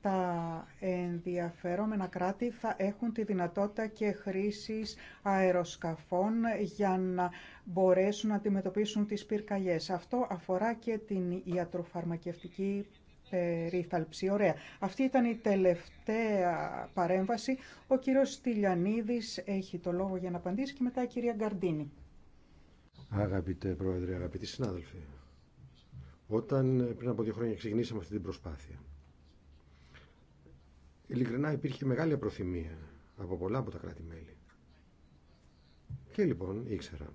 τα ενδιαφερόμενα κράτη θα έχουν τη δυνατότητα και χρήσης αεροσκαφών για να μπορέσουν να αντιμετωπίσουν τις πυρκαγιές. Αυτό αφορά και την ιατροφαρμακευτική περίθαλψη. Ωραία. Αυτή ήταν η τελευταία παρέμβαση. Ο κύριος Στυλιανίδης έχει το λόγο για να απαντήσει και μετά η κυρία Γκαρντίνη. Αγαπητέ Πρόεδρε, αγαπητοί συνάδελφοι, όταν ε, πριν από δύο χρόνια ξεκινήσαμε αυτή την προσπάθεια, ειλικρινά υπήρχε μεγάλη προθυμία από πολλά από τα κράτη-μέλη. Και λοιπόν ήξερα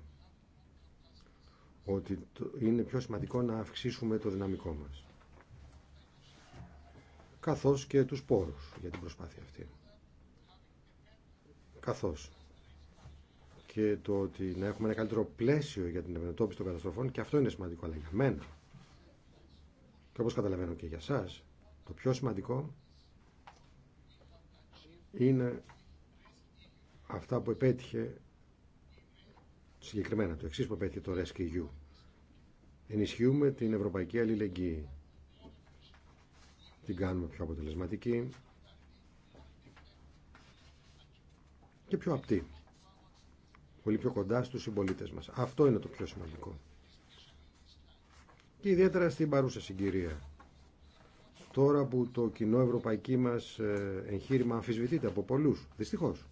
ότι είναι πιο σημαντικό να αυξήσουμε το δυναμικό μας καθώς και τους πόρους για την προσπάθεια αυτή. Καθώς και το ότι να έχουμε ένα καλύτερο πλαίσιο για την αντιμετώπιση των καταστροφών και αυτό είναι σημαντικό, αλλά για μένα και όπως καταλαβαίνω και για σας, το πιο σημαντικό είναι αυτά που επέτυχε συγκεκριμένα το εξής που επέτυχε το Rescue Ενισχύουμε την ευρωπαϊκή αλληλεγγύη. Την κάνουμε πιο αποτελεσματική και πιο απτή. Πολύ πιο κοντά στους συμπολίτες μας. Αυτό είναι το πιο σημαντικό και ιδιαίτερα στην παρούσα συγκυρία. Τώρα που το κοινό ευρωπαϊκή μας ε, εγχείρημα αμφισβητείται από πολλούς, δυστυχώς.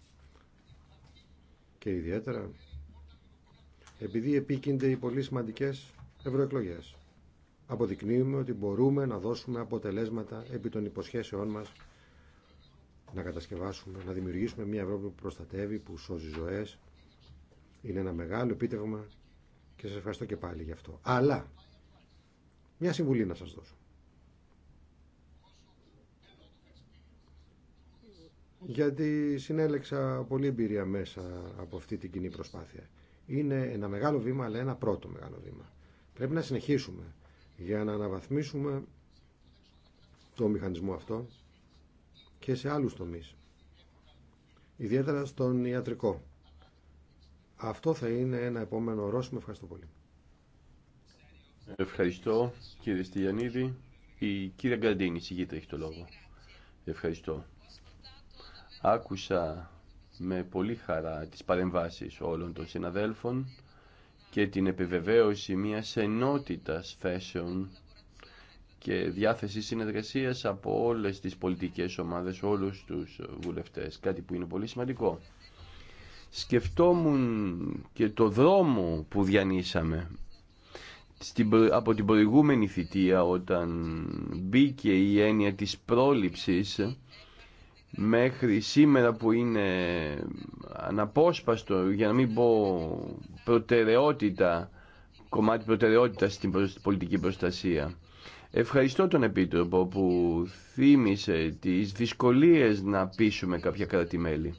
Και ιδιαίτερα επειδή επίκυνται οι πολύ σημαντικέ ευρωεκλογέ. Αποδεικνύουμε ότι μπορούμε να δώσουμε αποτελέσματα επί των υποσχέσεών μας να κατασκευάσουμε, να δημιουργήσουμε μια Ευρώπη που προστατεύει, που σώζει ζωές. Είναι ένα μεγάλο επίτευγμα και σας ευχαριστώ και πάλι γι' αυτό. Αλλά μια συμβουλή να σας δώσω. Γιατί συνέλεξα πολύ εμπειρία μέσα από αυτή την κοινή προσπάθεια. Είναι ένα μεγάλο βήμα, αλλά ένα πρώτο μεγάλο βήμα. Πρέπει να συνεχίσουμε για να αναβαθμίσουμε το μηχανισμό αυτό και σε άλλους τομείς. Ιδιαίτερα στον ιατρικό. Αυτό θα είναι ένα επόμενο ορόσημο. Ευχαριστώ πολύ. Ευχαριστώ κύριε Στυλιανίδη. Η κύρια Γκαντίνη, συγγείται, έχει το λόγο. Ευχαριστώ. Άκουσα με πολύ χαρά τις παρεμβάσεις όλων των συναδέλφων και την επιβεβαίωση μιας ενότητας θέσεων και διάθεση συνεργασίας από όλες τις πολιτικές ομάδες, όλους τους βουλευτές, κάτι που είναι πολύ σημαντικό. Σκεφτόμουν και το δρόμο που διανύσαμε από την προηγούμενη θητεία όταν μπήκε η έννοια της πρόληψης μέχρι σήμερα που είναι αναπόσπαστο για να μην πω προτεραιότητα κομμάτι προτεραιότητα στην πολιτική προστασία. Ευχαριστώ τον Επίτροπο που θύμισε τις δυσκολίες να πείσουμε κάποια κράτη-μέλη.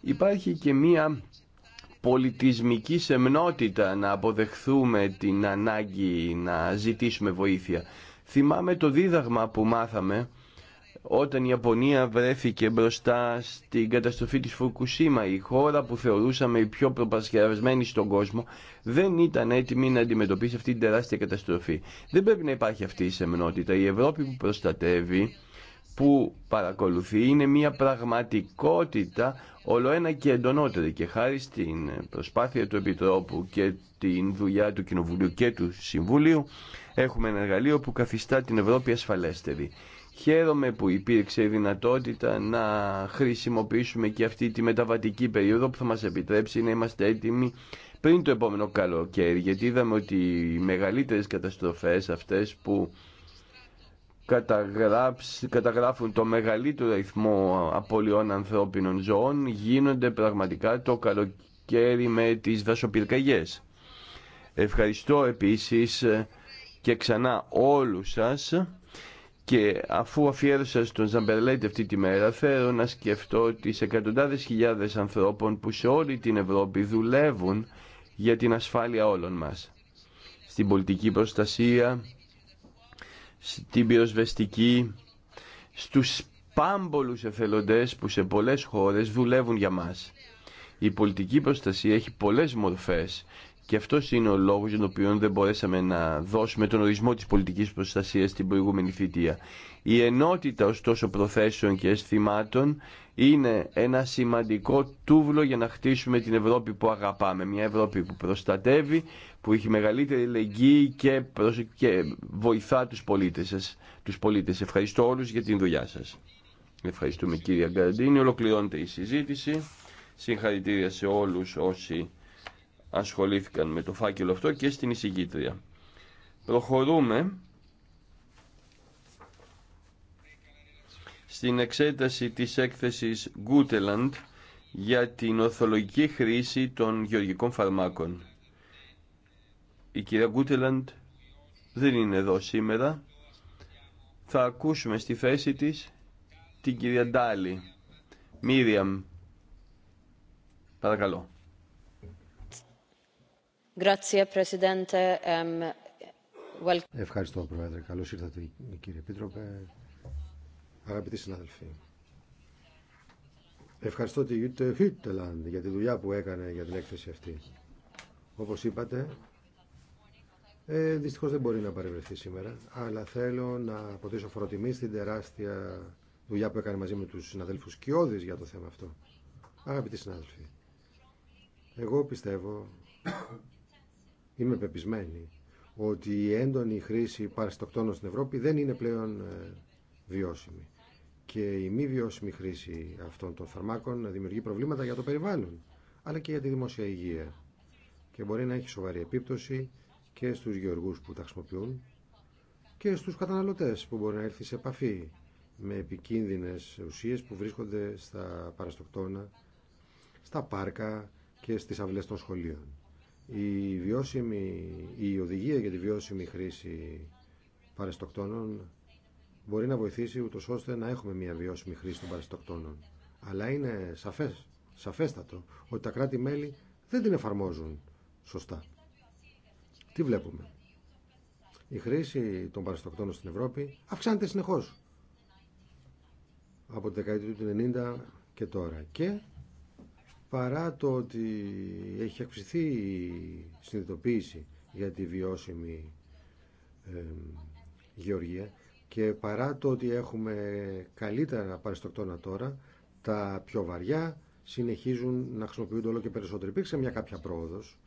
Υπάρχει και μία πολιτισμική σεμνότητα να αποδεχθούμε την ανάγκη να ζητήσουμε βοήθεια. Θυμάμαι το δίδαγμα που μάθαμε όταν η Ιαπωνία βρέθηκε μπροστά στην καταστροφή της Φουκουσίμα. Η χώρα που θεωρούσαμε η πιο προπασκευασμένη στον κόσμο δεν ήταν έτοιμη να αντιμετωπίσει αυτή την τεράστια καταστροφή. Δεν πρέπει να υπάρχει αυτή η σεμνότητα. Η Ευρώπη που προστατεύει που παρακολουθεί είναι μια πραγματικότητα ολοένα και εντονότερη και χάρη στην προσπάθεια του Επιτρόπου και την δουλειά του Κοινοβουλίου και του Συμβουλίου έχουμε ένα εργαλείο που καθιστά την Ευρώπη ασφαλέστερη. Χαίρομαι που υπήρξε η δυνατότητα να χρησιμοποιήσουμε και αυτή τη μεταβατική περίοδο που θα μας επιτρέψει να είμαστε έτοιμοι πριν το επόμενο καλοκαίρι γιατί είδαμε ότι οι μεγαλύτερες καταστροφές αυτές που καταγράφουν το μεγαλύτερο αριθμό απολειών ανθρώπινων ζώων γίνονται πραγματικά το καλοκαίρι με τις δασοπυρκαγιές. Ευχαριστώ επίσης ε, και ξανά όλους σας και αφού αφιέρωσα στον Ζαμπερλέτη αυτή τη μέρα θέλω να σκεφτώ τις εκατοντάδες χιλιάδες ανθρώπων που σε όλη την Ευρώπη δουλεύουν για την ασφάλεια όλων μας. Στην πολιτική προστασία, στην πυροσβεστική, στους πάμπολους εθελοντές που σε πολλές χώρες δουλεύουν για μας. Η πολιτική προστασία έχει πολλές μορφές και αυτό είναι ο λόγος για τον οποίο δεν μπορέσαμε να δώσουμε τον ορισμό της πολιτικής προστασίας στην προηγούμενη θητεία. Η ενότητα ωστόσο προθέσεων και αισθημάτων είναι ένα σημαντικό τούβλο για να χτίσουμε την Ευρώπη που αγαπάμε. Μια Ευρώπη που προστατεύει, που έχει μεγαλύτερη λεγγύη και, και βοηθά τους πολίτες σας. Τους πολίτες. Ευχαριστώ όλους για την δουλειά σας. Ευχαριστούμε κύριε Γκαρντίνη. Ολοκληρώνεται η συζήτηση. Συγχαρητήρια σε όλους όσοι ασχολήθηκαν με το φάκελο αυτό και στην εισηγήτρια. Προχωρούμε στην εξέταση της έκθεσης Γκούτελαντ για την ορθολογική χρήση των γεωργικών φαρμάκων. Η κυρία Γκούτελαντ δεν είναι εδώ σήμερα. Θα ακούσουμε στη θέση της την κυρία Ντάλι. Μίριαμ, παρακαλώ. Ehm, ευχαριστώ, Πρόεδρε. Καλώς ήρθατε, κύριε Επίτροπε. Αγαπητοί συνάδελφοι. Ευχαριστώ τη Γιούτε Φίτελαντ για τη δουλειά που έκανε για την έκθεση αυτή. Όπως είπατε, ε, δυστυχώς δεν μπορεί να παρευρεθεί σήμερα, αλλά θέλω να αποτίσω φοροτιμή στην τεράστια δουλειά που έκανε μαζί με τους συναδέλφους Κιώδης για το θέμα αυτό. Αγαπητοί συνάδελφοι, εγώ πιστεύω, είμαι πεπισμένη, ότι η έντονη χρήση παραστοκτώνων στην Ευρώπη δεν είναι πλέον ε, βιώσιμη. Και η μη βιώσιμη χρήση αυτών των φαρμάκων δημιουργεί προβλήματα για το περιβάλλον, αλλά και για τη δημόσια υγεία. Και μπορεί να έχει σοβαρή επίπτωση και στους γεωργούς που τα χρησιμοποιούν και στους καταναλωτές που μπορεί να έρθει σε επαφή με επικίνδυνες ουσίες που βρίσκονται στα παραστοκτόνα, στα πάρκα και στις αυλές των σχολείων. Η, βιώσιμη, η οδηγία για τη βιώσιμη χρήση παραστοκτόνων μπορεί να βοηθήσει ούτω ώστε να έχουμε μια βιώσιμη χρήση των παραστοκτόνων. Αλλά είναι σαφές, σαφέστατο ότι τα κράτη-μέλη δεν την εφαρμόζουν σωστά τι βλέπουμε. Η χρήση των παραστοκτώνων στην Ευρώπη αυξάνεται συνεχώς από τη δεκαετία του 90 και τώρα. Και παρά το ότι έχει αυξηθεί η συνειδητοποίηση για τη βιώσιμη γεωργία και παρά το ότι έχουμε καλύτερα παραστοκτώνα τώρα, τα πιο βαριά συνεχίζουν να χρησιμοποιούνται όλο και περισσότερο. Υπήρξε μια κάποια πρόοδος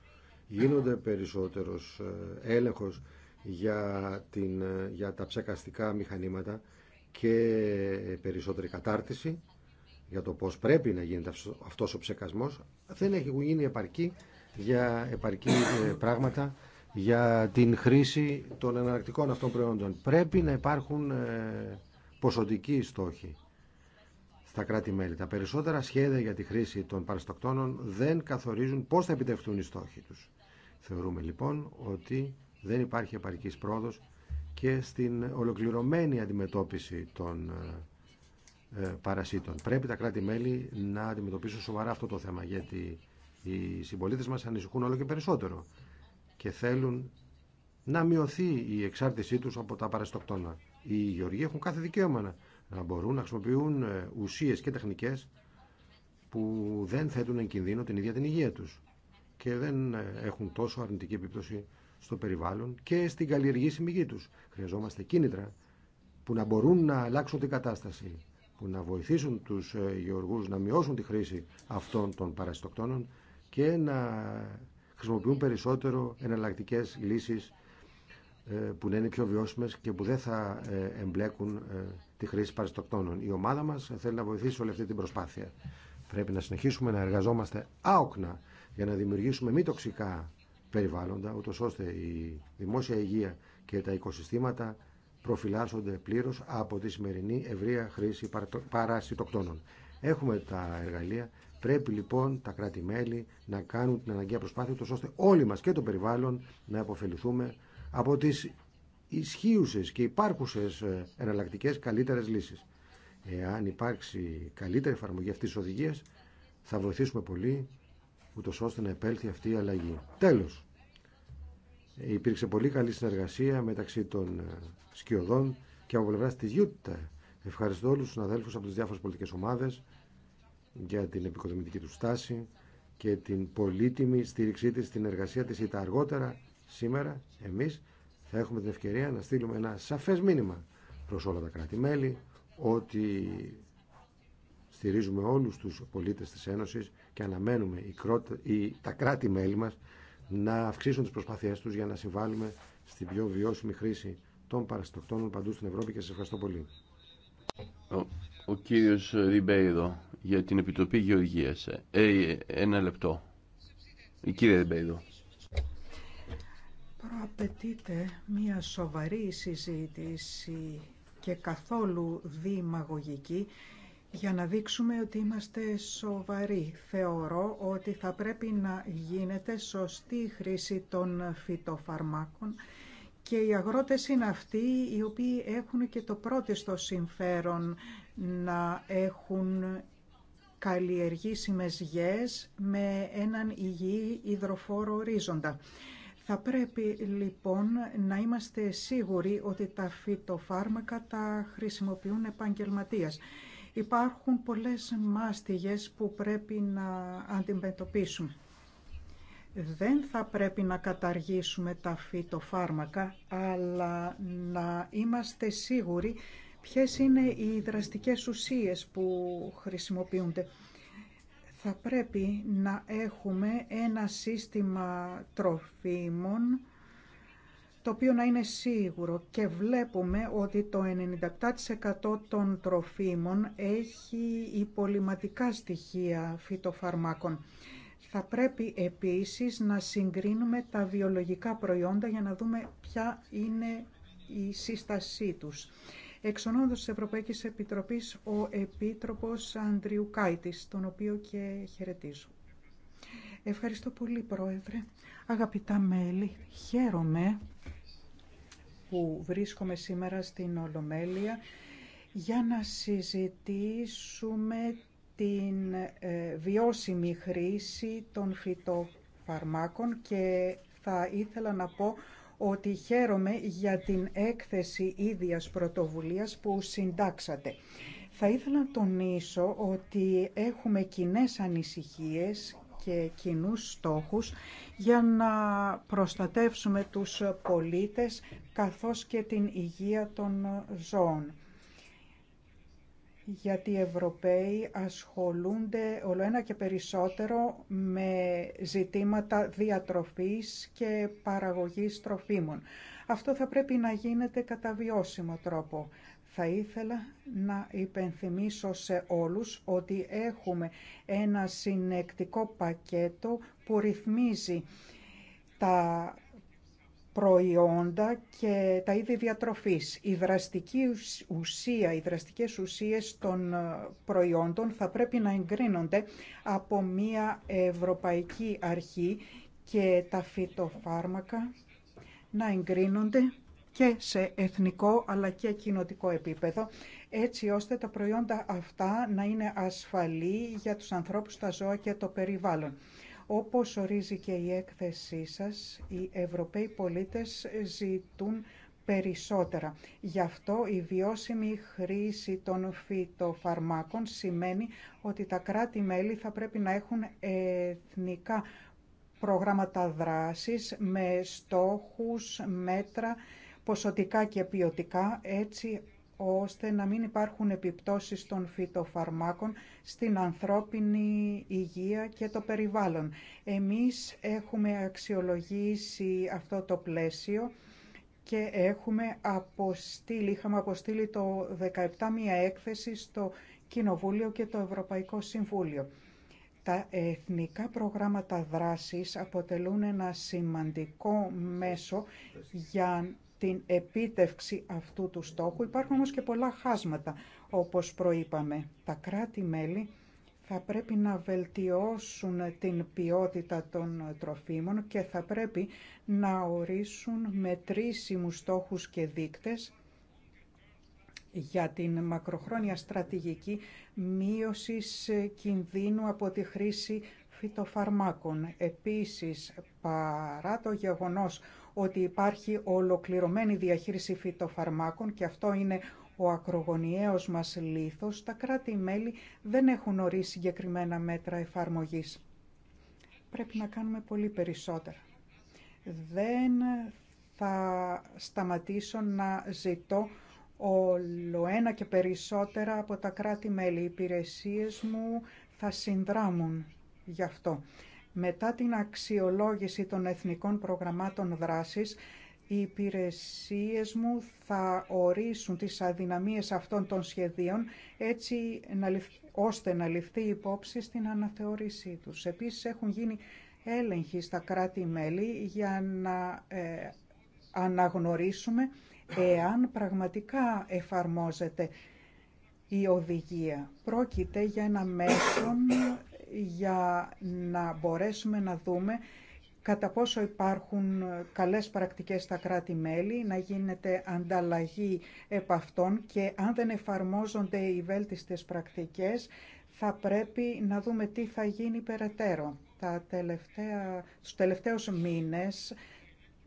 γίνονται περισσότερος ε, έλεγχος για, την, ε, για τα ψεκαστικά μηχανήματα και ε, περισσότερη κατάρτιση για το πώς πρέπει να γίνεται αυτός ο ψεκασμός δεν έχει γίνει επαρκή για επαρκή πράγματα για την χρήση των εναλλακτικών αυτών προϊόντων. Πρέπει να υπάρχουν ποσοτικοί στόχοι τα κράτη-μέλη. Τα περισσότερα σχέδια για τη χρήση των παραστοκτώνων δεν καθορίζουν πώς θα επιτευχθούν οι στόχοι τους. Θεωρούμε λοιπόν ότι δεν υπάρχει επαρκής πρόοδος και στην ολοκληρωμένη αντιμετώπιση των ε, ε, παρασίτων. Πρέπει τα κράτη-μέλη να αντιμετωπίσουν σοβαρά αυτό το θέμα, γιατί οι συμπολίτε μας ανησυχούν όλο και περισσότερο και θέλουν να μειωθεί η εξάρτησή τους από τα παραστοκτόνα. Οι γεωργοί έχουν κάθε δικαίωμα να μπορούν να χρησιμοποιούν ε, ουσίες και τεχνικές που δεν θέτουν εν κινδύνο την ίδια την υγεία τους και δεν ε, έχουν τόσο αρνητική επίπτωση στο περιβάλλον και στην καλλιεργή γη τους. Χρειαζόμαστε κίνητρα που να μπορούν να αλλάξουν την κατάσταση, που να βοηθήσουν τους ε, γεωργούς να μειώσουν τη χρήση αυτών των παρασιτοκτόνων και να χρησιμοποιούν περισσότερο εναλλακτικέ λύσεις ε, που να είναι πιο βιώσιμες και που δεν θα ε, εμπλέκουν ε, τη χρήση παραστοκτώνων. Η ομάδα μας θέλει να βοηθήσει όλη αυτή την προσπάθεια. Πρέπει να συνεχίσουμε να εργαζόμαστε άοκνα για να δημιουργήσουμε μη τοξικά περιβάλλοντα, ούτως ώστε η δημόσια υγεία και τα οικοσυστήματα προφυλάσσονται πλήρω από τη σημερινή ευρεία χρήση παρασυτοκτόνων. Έχουμε τα εργαλεία, πρέπει λοιπόν τα κράτη-μέλη να κάνουν την αναγκαία προσπάθεια, ώστε όλοι μας και το περιβάλλον να αποφεληθούμε από τις ισχύουσες και υπάρχουσες ε, εναλλακτικές καλύτερες λύσεις. Εάν υπάρξει καλύτερη εφαρμογή αυτής της οδηγίας, θα βοηθήσουμε πολύ ούτω ώστε να επέλθει αυτή η αλλαγή. Τέλος, υπήρξε πολύ καλή συνεργασία μεταξύ των ε, σκιωδών και από πλευρά τη Γιούτα. Ευχαριστώ όλους τους συναδέλφους από τις διάφορες πολιτικές ομάδες για την επικοδομητική του στάση και την πολύτιμη στήριξή της στην εργασία της τα αργότερα Σήμερα εμείς θα έχουμε την ευκαιρία να στείλουμε ένα σαφές μήνυμα προς όλα τα κράτη-μέλη ότι στηρίζουμε όλους τους πολίτες της Ένωσης και αναμένουμε οι, τα κράτη-μέλη μας να αυξήσουν τις προσπάθειές τους για να συμβάλλουμε στην πιο βιώσιμη χρήση των παραστοκτώνων παντού στην Ευρώπη και σε ευχαριστώ πολύ. Ο, ο κύριος Ριμπέιδο για την Επιτροπή Γεωργίας. Ε, ένα λεπτό. Η κύριε Ριμπέιδο. Προαπαιτείται μια σοβαρή συζήτηση και καθόλου δημαγωγική για να δείξουμε ότι είμαστε σοβαροί. Θεωρώ ότι θα πρέπει να γίνεται σωστή χρήση των φυτοφαρμάκων και οι αγρότες είναι αυτοί οι οποίοι έχουν και το στο συμφέρον να έχουν καλλιεργήσιμες γιές με έναν υγιή υδροφόρο ορίζοντα. Θα πρέπει λοιπόν να είμαστε σίγουροι ότι τα φυτοφάρμακα τα χρησιμοποιούν επαγγελματίας. Υπάρχουν πολλές μάστιγες που πρέπει να αντιμετωπίσουμε. Δεν θα πρέπει να καταργήσουμε τα φυτοφάρμακα, αλλά να είμαστε σίγουροι ποιες είναι οι δραστικές ουσίες που χρησιμοποιούνται. Θα πρέπει να έχουμε ένα σύστημα τροφίμων το οποίο να είναι σίγουρο και βλέπουμε ότι το 97% των τροφίμων έχει υπολοιματικά στοιχεία φυτοφαρμάκων. Θα πρέπει επίσης να συγκρίνουμε τα βιολογικά προϊόντα για να δούμε ποια είναι η σύστασή τους. Εξ ονόματος της Ευρωπαϊκής Επιτροπής, ο Επίτροπος Κάιτης, τον οποίο και χαιρετίζω. Ευχαριστώ πολύ, Πρόεδρε. Αγαπητά μέλη, χαίρομαι που βρίσκομαι σήμερα στην Ολομέλεια για να συζητήσουμε την ε, βιώσιμη χρήση των φυτοφαρμάκων και θα ήθελα να πω ότι χαίρομαι για την έκθεση ίδιας πρωτοβουλίας που συντάξατε. Θα ήθελα να τονίσω ότι έχουμε κοινέ ανησυχίες και κοινούς στόχους για να προστατεύσουμε τους πολίτες καθώς και την υγεία των ζώων γιατί οι Ευρωπαίοι ασχολούνται όλο ένα και περισσότερο με ζητήματα διατροφής και παραγωγής τροφίμων. Αυτό θα πρέπει να γίνεται κατά βιώσιμο τρόπο. Θα ήθελα να υπενθυμίσω σε όλους ότι έχουμε ένα συνεκτικό πακέτο που ρυθμίζει τα προϊόντα και τα είδη διατροφής. Η δραστική ουσία, οι δραστικές ουσίες των ε, προϊόντων θα πρέπει να εγκρίνονται από μια ευρωπαϊκή αρχή και τα φυτοφάρμακα να εγκρίνονται και σε εθνικό αλλά και κοινοτικό επίπεδο, έτσι ώστε τα προϊόντα αυτά να είναι ασφαλή για τους ανθρώπους, τα ζώα και το περιβάλλον. Όπως ορίζει και η έκθεσή σας, οι Ευρωπαίοι πολίτες ζητούν περισσότερα. Γι' αυτό η βιώσιμη χρήση των φυτοφαρμάκων σημαίνει ότι τα κράτη-μέλη θα πρέπει να έχουν εθνικά προγράμματα δράσης με στόχους, μέτρα, ποσοτικά και ποιοτικά, έτσι ώστε να μην υπάρχουν επιπτώσεις των φυτοφαρμάκων στην ανθρώπινη υγεία και το περιβάλλον. Εμείς έχουμε αξιολογήσει αυτό το πλαίσιο και έχουμε αποστείλει, είχαμε αποστείλει το 17 μία έκθεση στο Κοινοβούλιο και το Ευρωπαϊκό Συμβούλιο. Τα εθνικά προγράμματα δράσης αποτελούν ένα σημαντικό μέσο για την επίτευξη αυτού του στόχου. Υπάρχουν όμως και πολλά χάσματα, όπως προείπαμε. Τα κράτη-μέλη θα πρέπει να βελτιώσουν την ποιότητα των τροφίμων και θα πρέπει να ορίσουν μετρήσιμους στόχους και δείκτες για την μακροχρόνια στρατηγική μείωση κινδύνου από τη χρήση φυτοφαρμάκων. Επίσης, παρά το γεγονός ότι υπάρχει ολοκληρωμένη διαχείριση φυτοφαρμάκων και αυτό είναι ο ακρογωνιαίος μας λήθος, τα κράτη-μέλη δεν έχουν ορίσει συγκεκριμένα μέτρα εφαρμογής. Πρέπει να κάνουμε πολύ περισσότερα. Δεν θα σταματήσω να ζητώ όλο ένα και περισσότερα από τα κράτη-μέλη. Οι υπηρεσίες μου θα συνδράμουν γι' αυτό. Μετά την αξιολόγηση των εθνικών προγραμμάτων δράσης, οι υπηρεσίες μου θα ορίσουν τις αδυναμίες αυτών των σχεδίων έτσι να ώστε να ληφθεί υπόψη στην αναθεώρησή τους. Επίσης έχουν γίνει έλεγχοι στα κράτη-μέλη για να ε, αναγνωρίσουμε εάν πραγματικά εφαρμόζεται η οδηγία. Πρόκειται για ένα μέσο για να μπορέσουμε να δούμε κατά πόσο υπάρχουν καλές πρακτικές στα κράτη-μέλη, να γίνεται ανταλλαγή επ' αυτών και αν δεν εφαρμόζονται οι βέλτιστες πρακτικές, θα πρέπει να δούμε τι θα γίνει περαιτέρω. Τα τελευταία, στους τελευταίους μήνες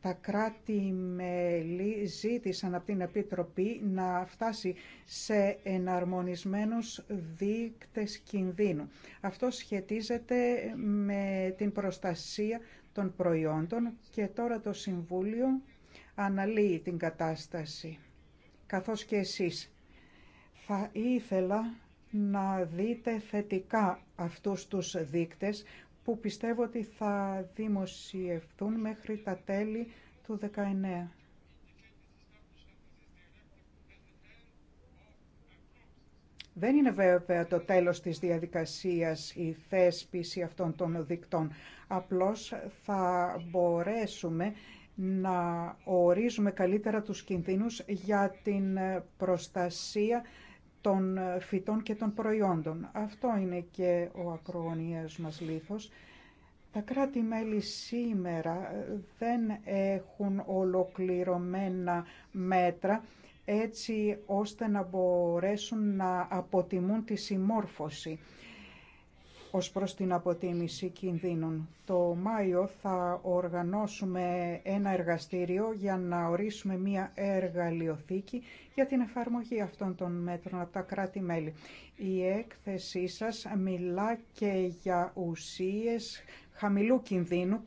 τα κράτη-μέλη ζήτησαν από την Επιτροπή να φτάσει σε εναρμονισμένους δείκτες κινδύνου. Αυτό σχετίζεται με την προστασία των προϊόντων και τώρα το Συμβούλιο αναλύει την κατάσταση, καθώς και εσείς. Θα ήθελα να δείτε θετικά αυτούς τους δείκτες που πιστεύω ότι θα δημοσιευτούν μέχρι τα τέλη του 19. Δεν είναι βέβαια το τέλος της διαδικασίας η θέσπιση αυτών των δικτών. Απλώς θα μπορέσουμε να ορίζουμε καλύτερα τους κινδύνους για την προστασία των ε, φυτών και των προϊόντων. Αυτό είναι και ο ακρογωνιαίος μας λίθος. Τα κράτη-μέλη σήμερα ε, δεν έχουν ολοκληρωμένα μέτρα έτσι ώστε να μπορέσουν να αποτιμούν τη συμμόρφωση ως προς την αποτίμηση κινδύνων. Το Μάιο θα οργανώσουμε ένα εργαστήριο για να ορίσουμε μία εργαλειοθήκη για την εφαρμογή αυτών των μέτρων από τα κράτη-μέλη. Η έκθεσή σας μιλά και για ουσίες χαμηλού κινδύνου